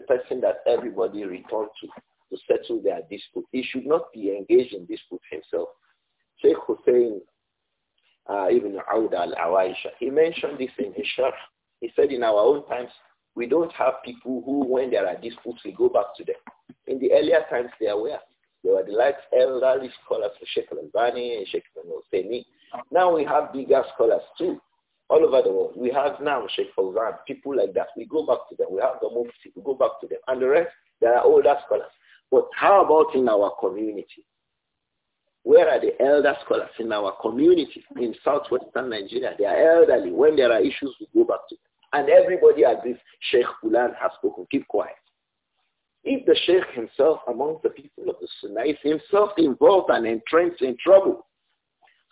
person that everybody return to to settle their dispute. He should not be engaged in dispute himself. Sheikh Hussein uh, Ibn Aud al-Awaisha, he mentioned this in his sharh. He said in our own times, we don't have people who, when there are disputes, we go back to them. In the earlier times, they were. They were the likes elderly scholars, Sheikh Al-Bani and Sheikh al Now we have bigger scholars too all over the world. We have now Sheikh Fawzan, people like that. We go back to them. We have the Mufti. We go back to them. And the rest, they are older scholars. But how about in our community? Where are the elder scholars in our community in southwestern Nigeria? They are elderly. When there are issues, we go back to them. And everybody agrees, Sheikh Fulan has spoken. Keep quiet. If the Sheikh himself among the people of the Sunnah is himself involved and entrenched in trouble,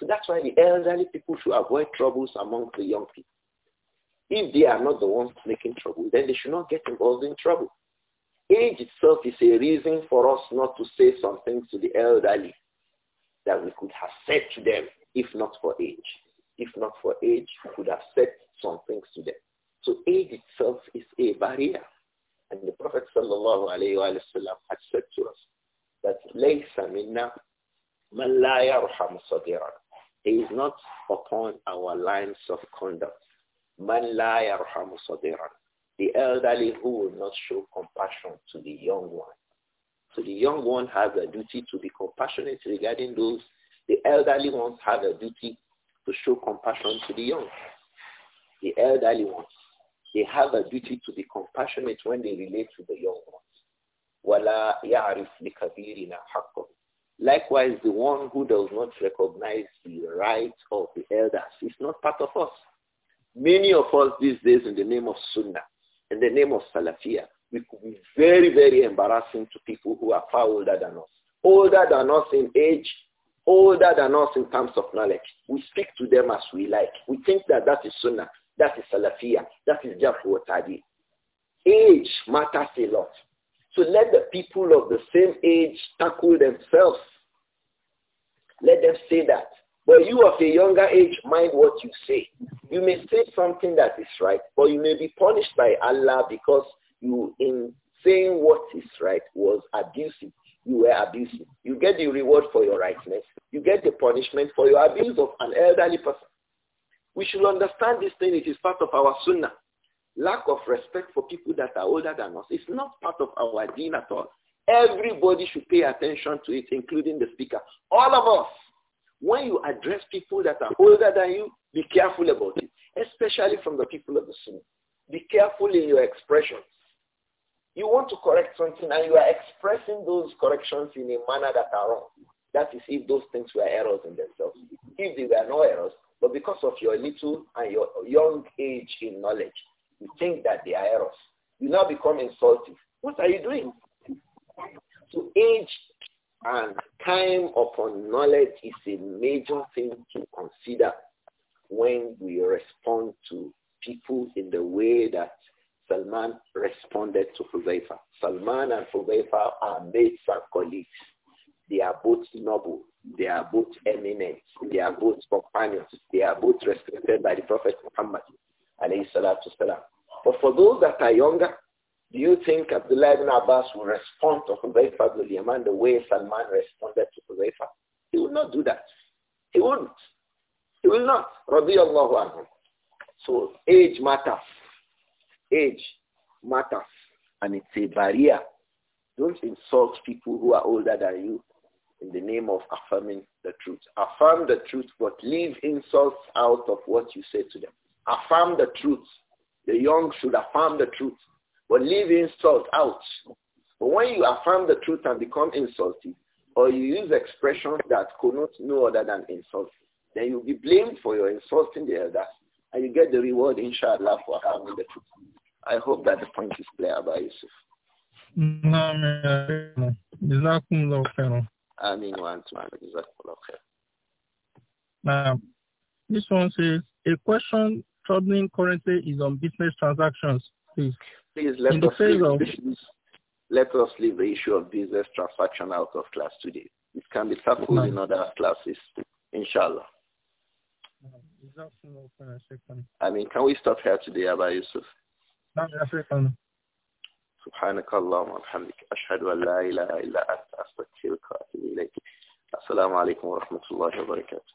so that's why the elderly people should avoid troubles among the young people. If they are not the ones making trouble, then they should not get involved in trouble. Age itself is a reason for us not to say some things to the elderly that we could have said to them if not for age. If not for age, we could have said some things to them. So age itself is a barrier. And the Prophet sallallahu alayhi had said to us that لَيْسَ مِنَّا مَنْ لَا يَرْحَمُ صَدِيرًا is not upon our lines of conduct. Man la yarhamu sadiran. The elderly who will not show compassion to the young one. So the young one has a duty to be compassionate regarding those. The elderly ones have a duty to show compassion to the young. The elderly ones, they have a duty to be compassionate when they relate to the young ones. وَلَا يَعْرِفْ لِكَبِيرِنَا حَقَّهُ Likewise, the one who does not recognize the rights of the elders is not part of us. Many of us these days in the name of Sunnah, in the name of Salafia, we could be very, very embarrassing to people who are far older than us. Older than us in age, older than us in terms of knowledge. We speak to them as we like. We think that that is Sunnah, that is Salafia, that is Jafu Tadi. Age matters a lot. So let the people of the same age tackle themselves. Let them say that. But you of a younger age, mind what you say. You may say something that is right, but you may be punished by Allah because you, in saying what is right, was abusive. You were abusive. You get the reward for your rightness. You get the punishment for your abuse of an elderly person. We should understand this thing. It is part of our sunnah lack of respect for people that are older than us is not part of our deen at all. Everybody should pay attention to it, including the speaker. All of us. When you address people that are older than you, be careful about it, especially from the people of the Sunnah. Be careful in your expressions. You want to correct something and you are expressing those corrections in a manner that are wrong. That is if those things were errors in themselves. If they were no errors, but because of your little and your young age in knowledge, you think that they are errors. You now become insulting. What are you doing? So age and time upon knowledge is a major thing to consider when we respond to people in the way that Salman responded to Huzaifa. Salman and Huzaifa are mates and colleagues. They are both noble. They are both eminent. They are both companions. They are both respected by the Prophet Muhammad. Salam. But for those that are younger, do you think Abdullah ibn Abbas will respond to Hudayfa ibn Yaman the way Salman responded to Hudayfa? He will not do that. He won't. He will not. Radiallahu anhu. So age matters. Age matters. And it's a barrier. Don't insult people who are older than you in the name of affirming the truth. Affirm the truth, but leave insults out of what you say to them. Affirm the truth the young should affirm the truth, but leave insult out. But when you affirm the truth and become insulted, or you use expressions that connote no other than insult, then you'll be blamed for your insulting the elders, and you get the reward, inshallah, for affirming the truth. I hope that the point is clear about Yusuf. Ameen okay? Now, This one says, a question Trading currently is on business transactions. Please, please let, us leave, of, let us leave the issue of business transaction out of class today. It can be tackled in other classes, inshallah. I mean, can we stop here today, Abba Yusuf? سبحانك اللهم وبحمدك أشهد أن لا إله إلا أنت أستغفرك وأتوب إليك السلام عليكم ورحمة الله وبركاته